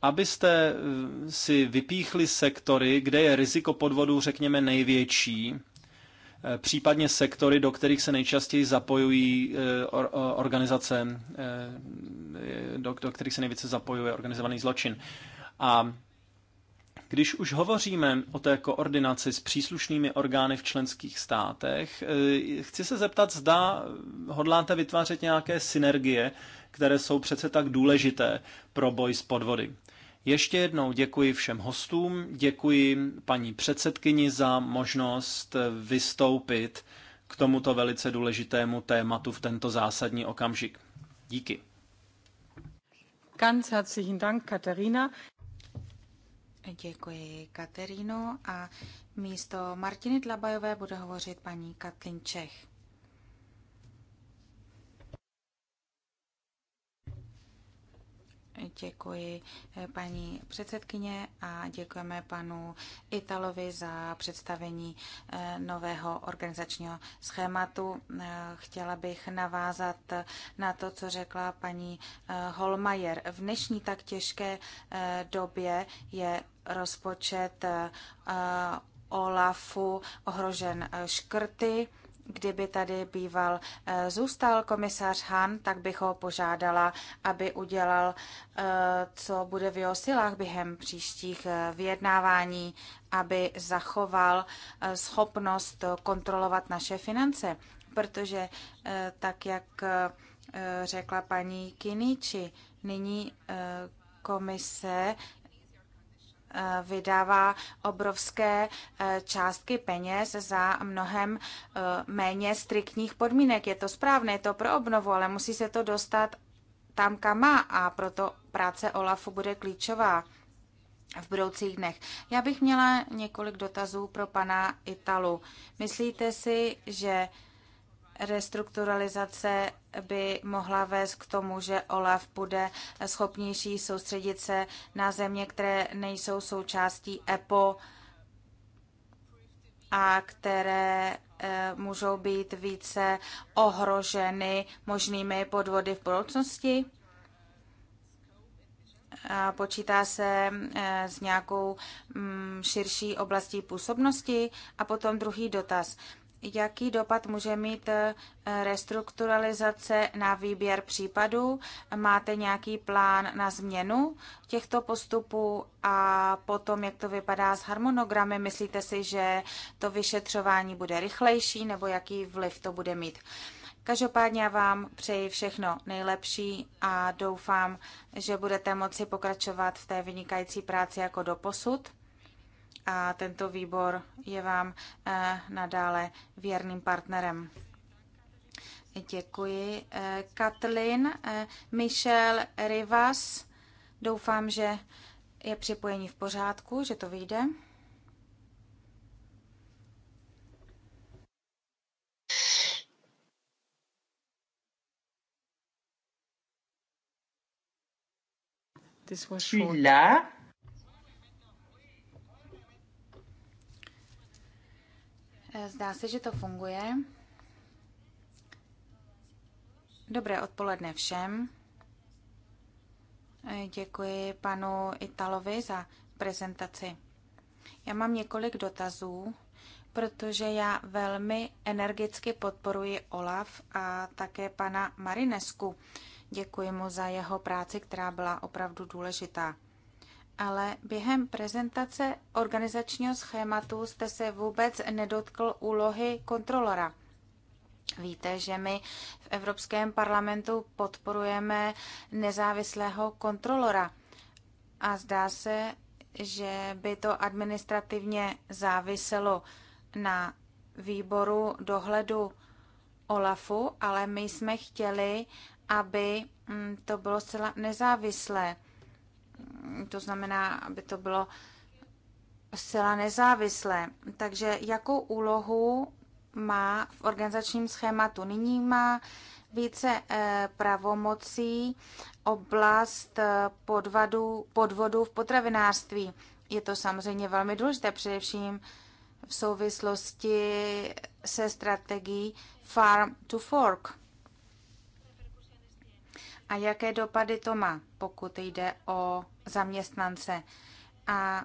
abyste eh, si vypíchli sektory, kde je riziko podvodu, řekněme, největší, Eh, případně sektory, do kterých se nejčastěji zapojují eh, organizace, eh, do, do kterých se nejvíce zapojuje organizovaný zločin. A když už hovoříme o té koordinaci s příslušnými orgány v členských státech, chci se zeptat, zda hodláte vytvářet nějaké synergie, které jsou přece tak důležité pro boj s podvody. Ještě jednou děkuji všem hostům, děkuji paní předsedkyni za možnost vystoupit k tomuto velice důležitému tématu v tento zásadní okamžik. Díky. Ganz herzlichen Dank, Katarina. Děkuji, Kateríno. A místo Martiny Tlabajové bude hovořit paní Katlin Čech. Děkuji eh, paní předsedkyně a děkujeme panu Italovi za představení eh, nového organizačního schématu. Eh, chtěla bych navázat na to, co řekla paní Holmajer. V dnešní tak těžké době je rozpočet OLAFu ohrožen škrty Kdyby tady býval eh, zůstal komisař Han, tak bych ho požádala, aby udělal, eh, co bude v jeho silách během příštích eh, vyjednávání, aby zachoval schopnost kontrolovat naše finance. Protože tak, jak řekla paní Kiniči, nyní komise Eh, vydává obrovské eh, částky peněz za mnohem eh, méně striktních podmínek. Je to správné, je to pro obnovu, ale musí se to dostat tam, kam má a proto práce OLAFu bude klíčová v budoucích dnech. Já bych měla několik dotazů pro pana Italu. Myslíte si, že restrukturalizace by mohla vést k tomu, že OLAF bude schopnější soustředit se na země, které nejsou součástí EPO a které eh, můžou být více ohroženy možnými podvody v budoucnosti? A počítá se eh, s nějakou mm, širší oblastí působnosti? A potom druhý dotaz jaký dopad může mít eh, restrukturalizace na výběr případů? Máte nějaký plán na změnu těchto postupů a potom, jak to vypadá s harmonogramy? Myslíte si, že to vyšetřování bude rychlejší nebo jaký vliv to bude mít? Každopádně já vám přeji všechno nejlepší a doufám, že budete moci pokračovat v té vynikající práci jako doposud a tento výbor je vám eh, nadále věrným partnerem. Děkuji. Eh, Katlin, eh, Michel, Rivas, doufám, že je připojení v pořádku, že to vyjde. Celui-là, Zdá se, že to funguje. Dobré odpoledne všem. Děkuji panu Italovi za prezentaci. Já mám několik dotazů, protože já velmi energicky podporuji Olaf a také pana Marinesku. Děkuji mu za jeho práci, která byla opravdu důležitá ale během prezentace organizačního schématu jste se vůbec nedotkl úlohy kontrolora. Víte, že my v Evropském parlamentu podporujeme nezávislého kontrolora a zdá se, že by to administrativně záviselo na výboru dohledu OLAFu, ale my jsme chtěli, aby mm, to bylo zcela nezávislé to znamená, aby to bylo zcela nezávislé. Takže jakou úlohu má v organizačním schématu? Nyní má více eh, pravomocí oblast eh, podvodu, podvodu v potravinářství. Je to samozřejmě velmi důležité, především v souvislosti se strategií Farm to Fork. A jaké dopady to má, pokud jde o zaměstnance. A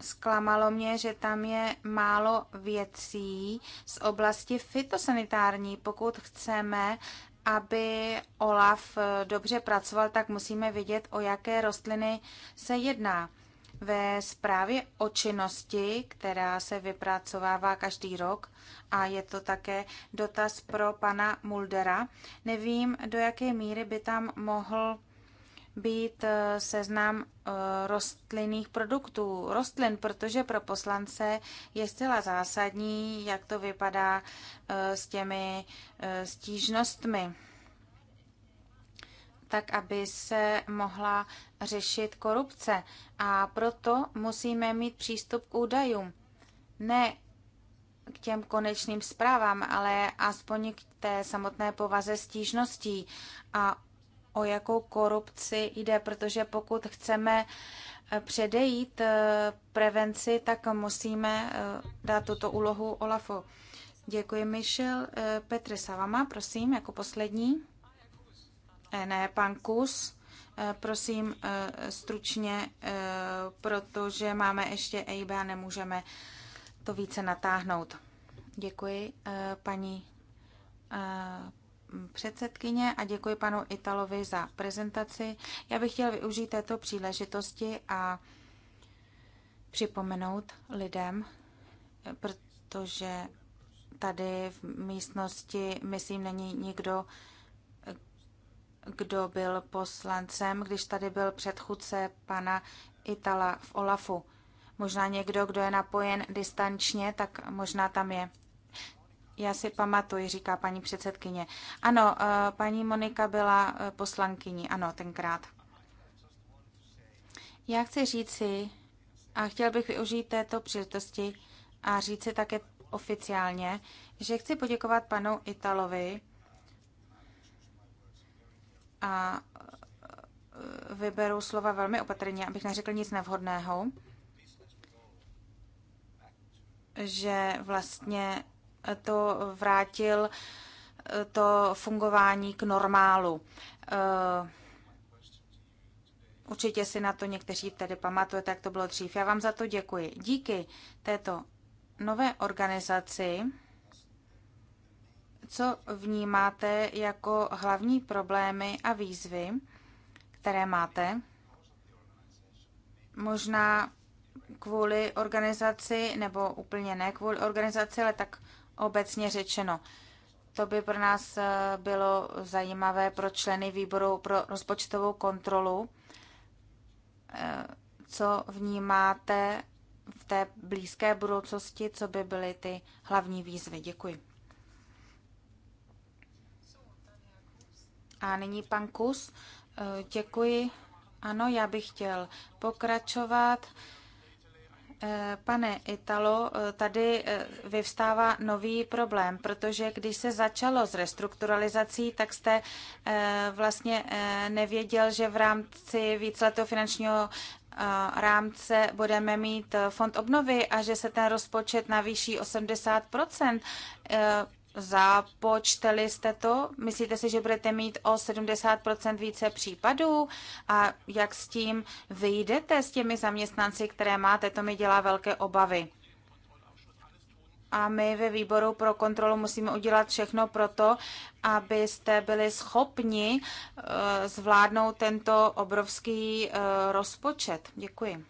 zklamalo mě, že tam je málo věcí z oblasti fitosanitární. Pokud chceme, aby OLAF eh, dobře pracoval, tak musíme vědět, o jaké rostliny se jedná. Ve zprávě o činnosti, která se vypracovává každý rok, a je to také dotaz pro pana Muldera, nevím, do jaké míry by tam mohl být eh, seznam eh, rostlinných produktů, rostlin, protože pro poslance je zcela zásadní, jak to vypadá eh, s těmi stížnostmi tak aby se mohla řešit korupce. A proto musíme mít přístup k údajům. Ne k těm konečným zprávám, ale aspoň k té samotné povaze stížností. A o jakou korupci jde, protože pokud chceme eh, předejít eh, prevenci, tak musíme eh, dát tuto úlohu Olafu. Děkuji, Michel. Petr Savama, prosím, jako poslední. Ne, pan Kus. Prosím stručně, protože máme ještě EIB a nemůžeme to více natáhnout. Děkuji, paní předsedkyně a děkuji panu Italovi za prezentaci. Já bych chtěl využít této příležitosti a připomenout lidem, protože tady v místnosti, myslím, není nikdo, kdo byl poslancem, když tady byl předchůdce pana Itala v Olafu. Možná někdo, kdo je napojen distančně, tak možná tam je. Já si pamatuji, říká paní předsedkyně. Ano, eh, paní Monika byla eh, poslankyní, ano, tenkrát. Já chci říci, a chtěl bych využít této příležitosti a říci také oficiálně, že chci poděkovat panu Italovi a eh, vyberu slova velmi opatrně, abych neřekl nic nevhodného, že vlastně to vrátil eh, to fungování k normálu. Eh, určitě si na to někteří tedy pamatujete, jak to bylo dřív. Já vám za to děkuji. Díky této nové organizaci, co vnímáte jako hlavní problémy a výzvy, které máte? Možná kvůli organizaci, nebo úplně ne kvůli organizaci, ale tak obecně řečeno. To by pro nás eh, bylo zajímavé pro členy výboru pro rozpočtovou kontrolu. Eh, co vnímáte v té blízké budoucnosti, co by byly ty hlavní výzvy? Děkuji. A nyní pan Kus. Eh, děkuji. Ano, já bych chtěl pokračovat Eh, pane Italo, eh, tady eh, vyvstává nový problém, protože když se začalo s restrukturalizací, tak jste vlastně nevěděl, že v rámci víceletého finančního rámce budeme mít fond obnovy a že se ten rozpočet navýší 80 Započteli jste to? Myslíte si, že budete mít o 70% více případů? A jak s tím vyjdete s těmi zaměstnanci, které máte? To mi dělá velké obavy. A my ve výboru pro kontrolu musíme udělat všechno pro to, abyste byli schopni eh, zvládnout tento obrovský eh, rozpočet. Děkuji.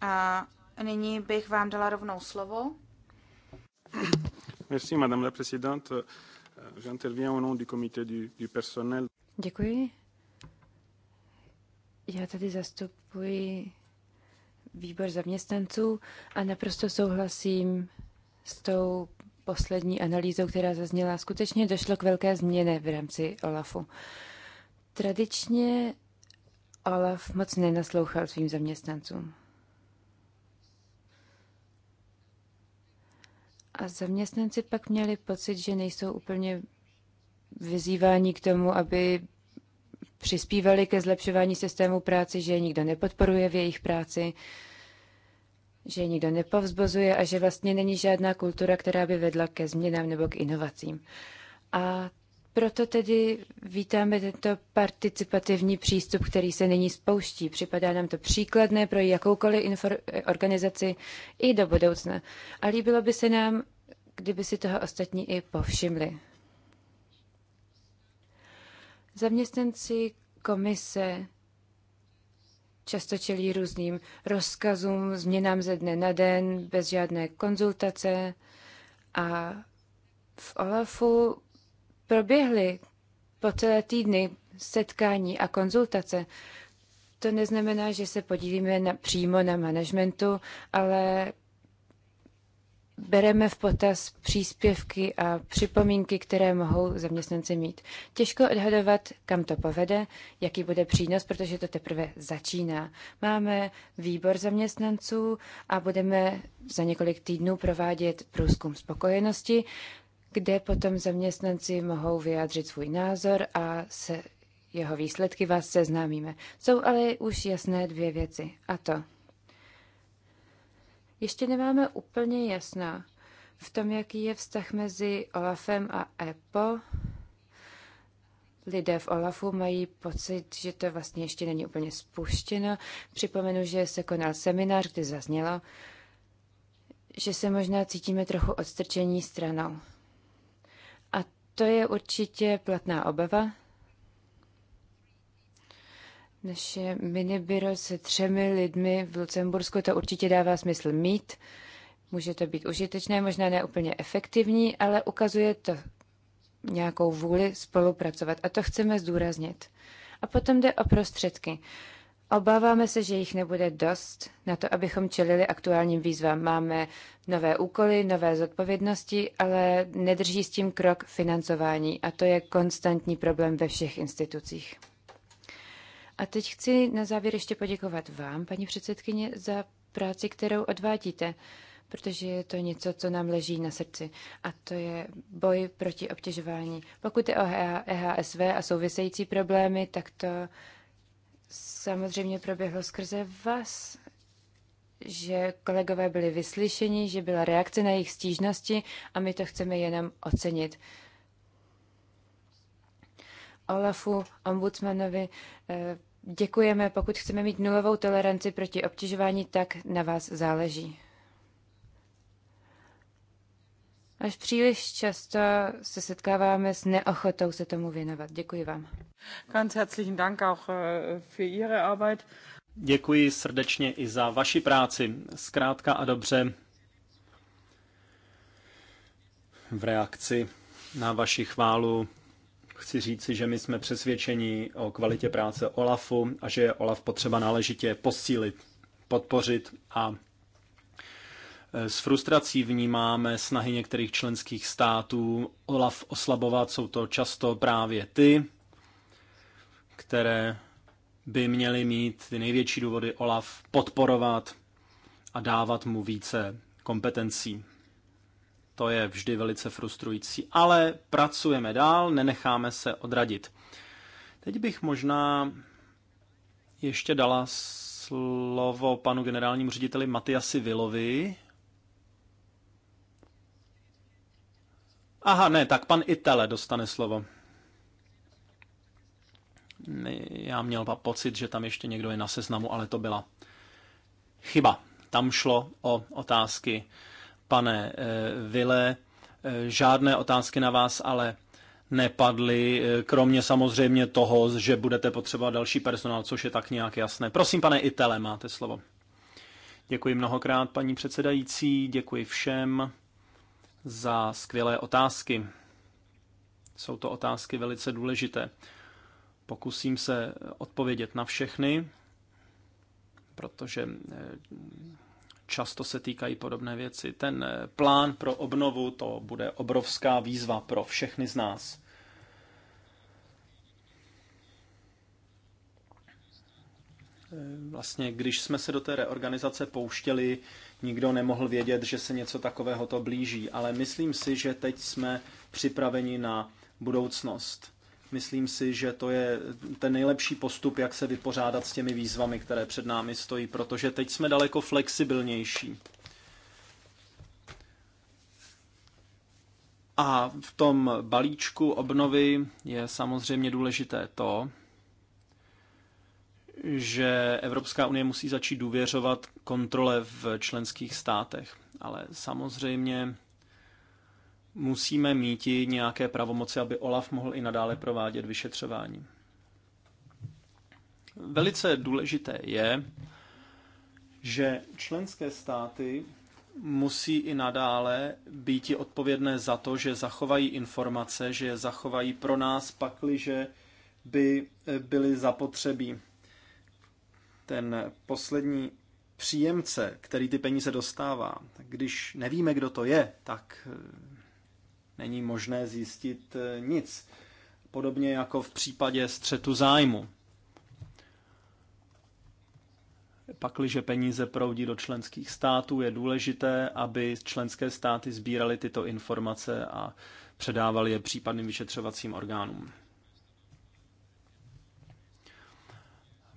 A Nyní bych vám dala rovnou slovo. Merci, madame la présidente. J'interviens au nom du comité du, du personnel. Děkuji. Já tady zastupuji výbor zaměstnanců a naprosto souhlasím s tou poslední analýzou, která zazněla. Skutečně došlo k velké změně v rámci OLAFu. Tradičně OLAF moc nenaslouchal svým zaměstnancům. A zaměstnanci pak měli pocit, že nejsou úplně vyzýváni k tomu, aby přispívali ke zlepšování systému práce, že je nikdo nepodporuje v jejich práci, že je nikdo nepovzbozuje a že vlastně není žádná kultura, která by vedla ke změnám nebo k inovacím. A proto tedy vítáme tento participativní přístup, který se nyní spouští. Připadá nám to příkladné pro jakoukoliv organizaci i do budoucna. A líbilo by se nám, kdyby si toho ostatní i povšimli. Zaměstnanci komise často čelí různým rozkazům, změnám ze dne na den, bez žádné konzultace. A v OLAFu proběhly po celé týdny setkání a konzultace. To neznamená, že se podílíme na, přímo na managementu, ale bereme v potaz příspěvky a připomínky, které mohou zaměstnanci mít. Těžko odhadovat, kam to povede, jaký bude přínos, protože to teprve začíná. Máme výbor zaměstnanců a budeme za několik týdnů provádět průzkum spokojenosti kde potom zaměstnanci mohou vyjádřit svůj názor a se jeho výsledky vás seznámíme. Jsou ale už jasné dvě věci. A to. Ještě nemáme úplně jasná v tom, jaký je vztah mezi Olafem a EPO. Lidé v Olafu mají pocit, že to vlastně ještě není úplně spuštěno. Připomenu, že se konal seminář, kde zaznělo, že se možná cítíme trochu odstrčení stranou. To je určitě platná obava. Naše minibiro se třemi lidmi v Lucembursku to určitě dává smysl mít. Může to být užitečné, možná ne úplně efektivní, ale ukazuje to nějakou vůli spolupracovat. A to chceme zdůraznit. A potom jde o prostředky. Obáváme se, že jich nebude dost na to, abychom čelili aktuálním výzvám. Máme nové úkoly, nové zodpovědnosti, ale nedrží s tím krok financování a to je konstantní problém ve všech institucích. A teď chci na závěr ještě poděkovat vám, paní předsedkyně, za práci, kterou odvádíte, protože je to něco, co nám leží na srdci. A to je boj proti obtěžování. Pokud je o EHSV a související problémy, tak to samozřejmě proběhlo skrze vás, že kolegové byli vyslyšeni, že byla reakce na jejich stížnosti a my to chceme jenom ocenit. Olafu, ombudsmanovi, eh, děkujeme. Pokud chceme mít nulovou toleranci proti obtěžování, tak na vás záleží. Až příliš často se setkáváme s neochotou se tomu věnovat. Děkuji vám. Ganz herzlichen Dank auch äh, für Ihre Arbeit. Děkuji srdečně i za vaši práci. Zkrátka a dobře v reakci na vaši chválu chci říci, že my jsme přesvědčeni o kvalitě práce OLAFu a že je OLAF potřeba náležitě posílit, podpořit a s frustrací vnímáme snahy některých členských států OLAF oslabovat. Jsou to často právě ty, které by měly mít ty největší důvody OLAF podporovat a dávat mu více kompetencí. To je vždy velice frustrující, ale pracujeme dál, nenecháme se odradit. Teď bych možná ještě dala slovo panu generálnímu řediteli Matiasi Vilovi, Aha, ne, tak pan Itele dostane slovo. Já měl pocit, že tam ještě někdo je na seznamu, ale to byla chyba. Tam šlo o otázky. Pane eh, Vile, eh, žádné otázky na vás, ale nepadly, eh, kromě samozřejmě toho, že budete potřebovat další personál, což je tak nějak jasné. Prosím, pane Itele, máte slovo. Děkuji mnohokrát, paní předsedající, děkuji všem za skvělé otázky. Jsou to otázky velice důležité. Pokusím se odpovědět na všechny, protože eh, často se týkají podobné věci. Ten eh, plán pro obnovu, to bude obrovská výzva pro všechny z nás. Vlastně, když jsme se do té reorganizace pouštěli, nikdo nemohl vědět, že se něco takového to blíží, ale myslím si, že teď jsme připraveni na budoucnost. Myslím si, že to je ten nejlepší postup, jak se vypořádat s těmi výzvami, které před námi stojí, protože teď jsme daleko flexibilnější. A v tom balíčku obnovy je samozřejmě důležité to, že Evropská unie musí začít důvěřovat kontrole v členských státech. Ale samozřejmě musíme mít i nějaké pravomoci, aby OLAF mohl i nadále provádět vyšetřování. Velice důležité je, že členské státy musí i nadále být i odpovědné za to, že zachovají informace, že je zachovají pro nás pakliže by byly zapotřebí ten poslední příjemce, který ty peníze dostává, když nevíme, kdo to je, tak eh, není možné zjistit eh, nic. Podobně jako v případě střetu zájmu. Pakliže peníze proudí do členských států, je důležité, aby členské státy sbíraly tyto informace a předávali je případným vyšetřovacím orgánům.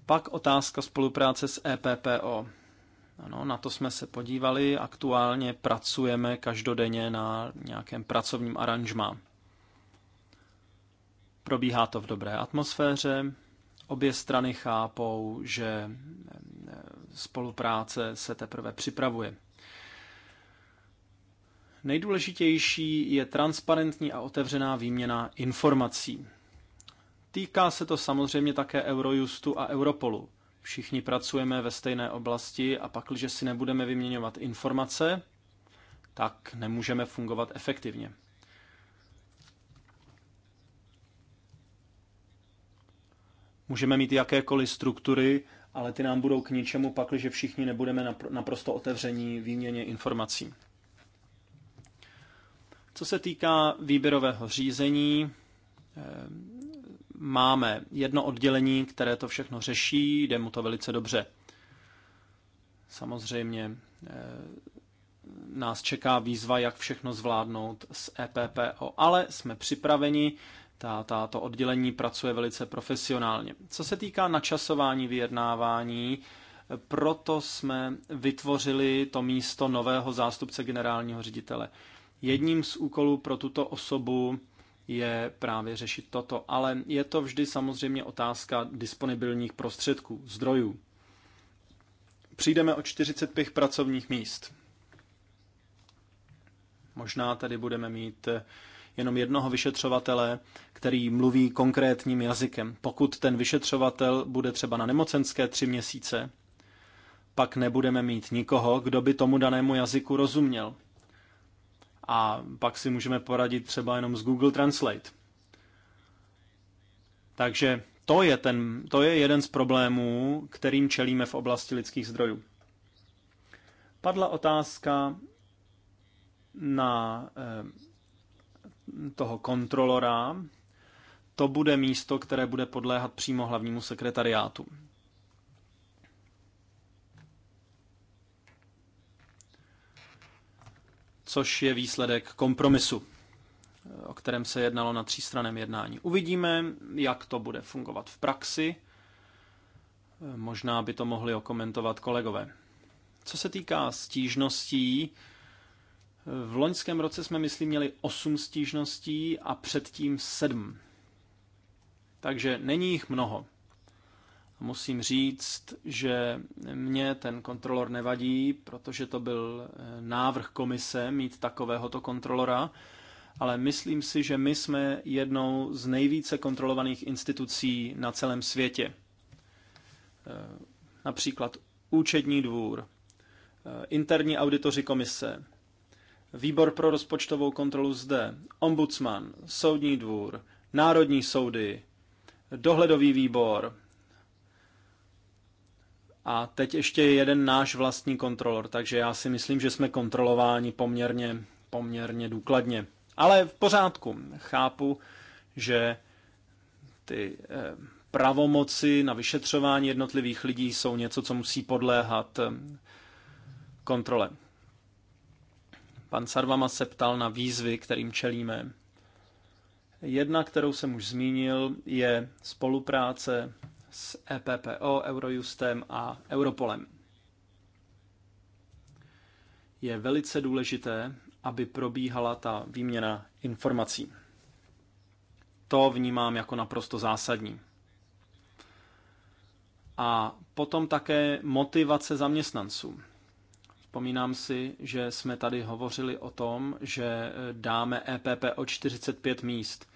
Pak otázka spolupráce s EPPO. Ano, na to jsme se podívali. Aktuálně pracujeme každodenně na nějakém pracovním aranžmá. Probíhá to v dobré atmosféře. Obě strany chápou, že eh, spolupráce se teprve připravuje. Nejdůležitější je transparentní a otevřená výměna informací. Týká se to samozřejmě také Eurojustu a Europolu. Všichni pracujeme ve stejné oblasti a pak, když si nebudeme vyměňovat informace, tak nemůžeme fungovat efektivně. Můžeme mít jakékoliv struktury, ale ty nám budou k ničemu pak, že všichni nebudeme naprosto otevření výměně informací. Co se týká výběrového řízení, Máme jedno oddělení, které to všechno řeší, jde mu to velice dobře. Samozřejmě eh, nás čeká výzva, jak všechno zvládnout s EPPO, ale jsme připraveni, Tato oddělení pracuje velice profesionálně. Co se týká načasování vyjednávání, proto jsme vytvořili to místo nového zástupce generálního ředitele. Jedním z úkolů pro tuto osobu je právě řešit toto. Ale je to vždy samozřejmě otázka disponibilních prostředků, zdrojů. Přijdeme o 45 pracovních míst. Možná tady budeme mít eh, jenom jednoho vyšetřovatele, který mluví konkrétním jazykem. Pokud ten vyšetřovatel bude třeba na nemocenské tři měsíce, pak nebudeme mít nikoho, kdo by tomu danému jazyku rozuměl a pak si můžeme poradit třeba jenom z Google Translate. Takže to je, ten, to je jeden z problémů, kterým čelíme v oblasti lidských zdrojů. Padla otázka na eh, toho kontrolora. To bude místo, které bude podléhat přímo hlavnímu sekretariátu. což je výsledek kompromisu, o kterém se jednalo na třístraném jednání. Uvidíme, jak to bude fungovat v praxi. Možná by to mohli okomentovat kolegové. Co se týká stížností, v loňském roce jsme, myslím, měli 8 stížností a předtím 7. Takže není jich mnoho. Musím říct, že mě ten kontrolor nevadí, protože to byl eh, návrh komise mít takovéhoto kontrolora, ale myslím si, že my jsme jednou z nejvíce kontrolovaných institucí na celém světě. Eh, například účetní dvůr, eh, interní auditoři komise, výbor pro rozpočtovou kontrolu zde, ombudsman, soudní dvůr, národní soudy, dohledový výbor, a teď ještě jeden náš vlastní kontrolor, takže já si myslím, že jsme kontrolováni poměrně, poměrně důkladně. Ale v pořádku, chápu, že ty eh, pravomoci na vyšetřování jednotlivých lidí jsou něco, co musí podléhat eh, kontrole. Pan Sarvama se ptal na výzvy, kterým čelíme. Jedna, kterou jsem už zmínil, je spolupráce s EPPO, Eurojustem a Europolem. Je velice důležité, aby probíhala ta výměna informací. To vnímám jako naprosto zásadní. A potom také motivace zaměstnanců. Vzpomínám si, že jsme tady hovořili o tom, že dáme EPP o 45 míst.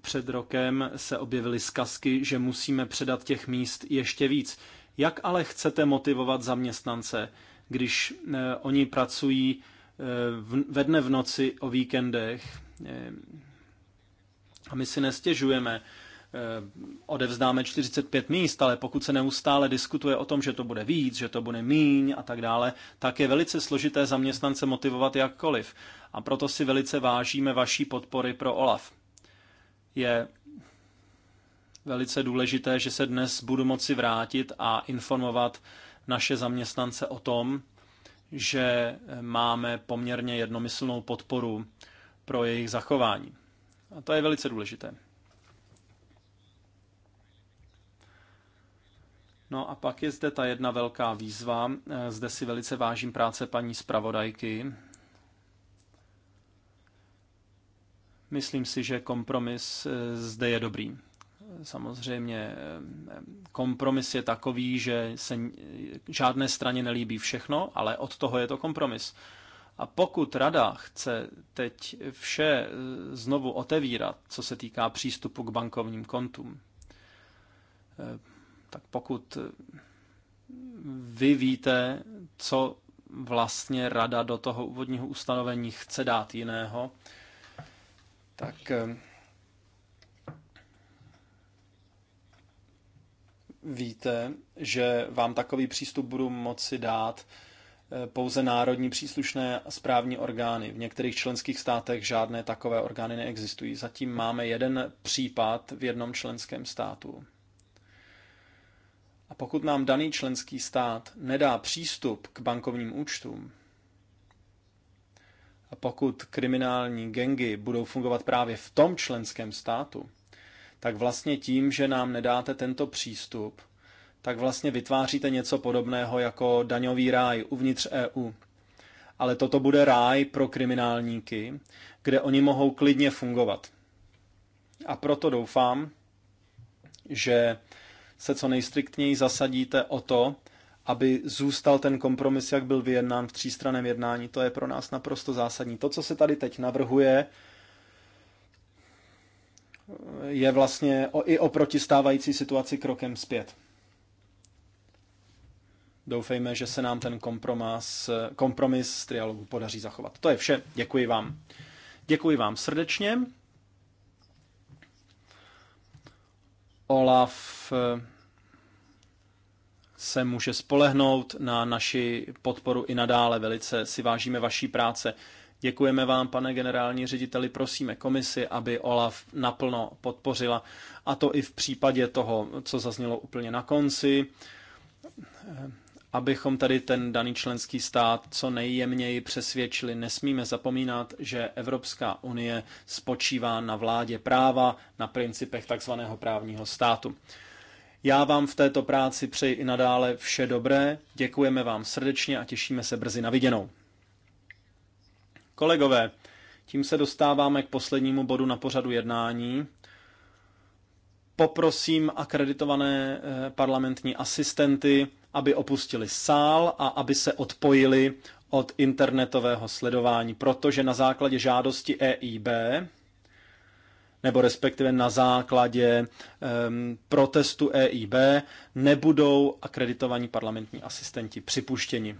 Před rokem se objevily zkazky, že musíme předat těch míst ještě víc. Jak ale chcete motivovat zaměstnance, když eh, oni pracují eh, ve dne v noci o víkendech? Eh, a my si nestěžujeme, odevzdáme 45 míst, ale pokud se neustále diskutuje o tom, že to bude víc, že to bude míň a tak dále, tak je velice složité zaměstnance motivovat jakkoliv. A proto si velice vážíme vaší podpory pro OLAF je velice důležité, že se dnes budu moci vrátit a informovat naše zaměstnance o tom, že máme poměrně jednomyslnou podporu pro jejich zachování. A to je velice důležité. No a pak je zde ta jedna velká výzva. Zde si velice vážím práce paní zpravodajky, Myslím si, že kompromis eh, zde je dobrý. Samozřejmě eh, kompromis je takový, že se žádné straně nelíbí všechno, ale od toho je to kompromis. A pokud rada chce teď vše eh, znovu otevírat, co se týká přístupu k bankovním kontům, tak pokud vy víte, co vlastně rada do toho úvodního ustanovení chce dát jiného, tak ehm, víte, že vám takový přístup budu moci dát eh, pouze národní příslušné správní orgány. V některých členských státech žádné takové orgány neexistují. Zatím máme jeden případ v jednom členském státu. A pokud nám daný členský stát nedá přístup k bankovním účtům, a pokud kriminální gengy budou fungovat právě v tom členském státu, tak vlastně tím, že nám nedáte tento přístup, tak vlastně vytváříte něco podobného jako daňový ráj uvnitř EU. Ale toto bude ráj pro kriminálníky, kde oni mohou klidně fungovat. A proto doufám, že se co nejstriktněji zasadíte o to, aby zůstal ten kompromis, jak byl vyjednán v třístraném jednání. To je pro nás naprosto zásadní. To, co se tady teď navrhuje, je vlastně i oproti stávající situaci krokem zpět. Doufejme, že se nám ten kompromis, kompromis z trialogu podaří zachovat. To je vše. Děkuji vám. Děkuji vám srdečně. Olaf eh, se může spolehnout na naši podporu i nadále. Velice si vážíme vaší práce. Děkujeme vám, pane generální řediteli, prosíme komisi, aby OLAF naplno podpořila, a to i v případě toho, co zaznělo úplně na konci, abychom tady ten daný členský stát co nejjemněji přesvědčili. Nesmíme zapomínat, že Evropská unie spočívá na vládě práva, na principech takzvaného právního státu. Já vám v této práci přeji i nadále vše dobré, děkujeme vám srdečně a těšíme se brzy na viděnou. Kolegové, tím se dostáváme k poslednímu bodu na pořadu jednání. Poprosím akreditované eh, parlamentní asistenty, aby opustili sál a aby se odpojili od internetového sledování, protože na základě žádosti EIB nebo respektive na základě um, protestu EIB nebudou akreditovaní parlamentní asistenti připuštěni.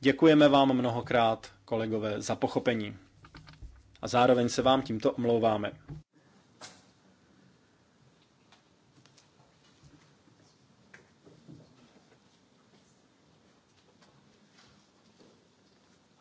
Děkujeme vám mnohokrát, kolegové, za pochopení. A zároveň se vám tímto omlouváme.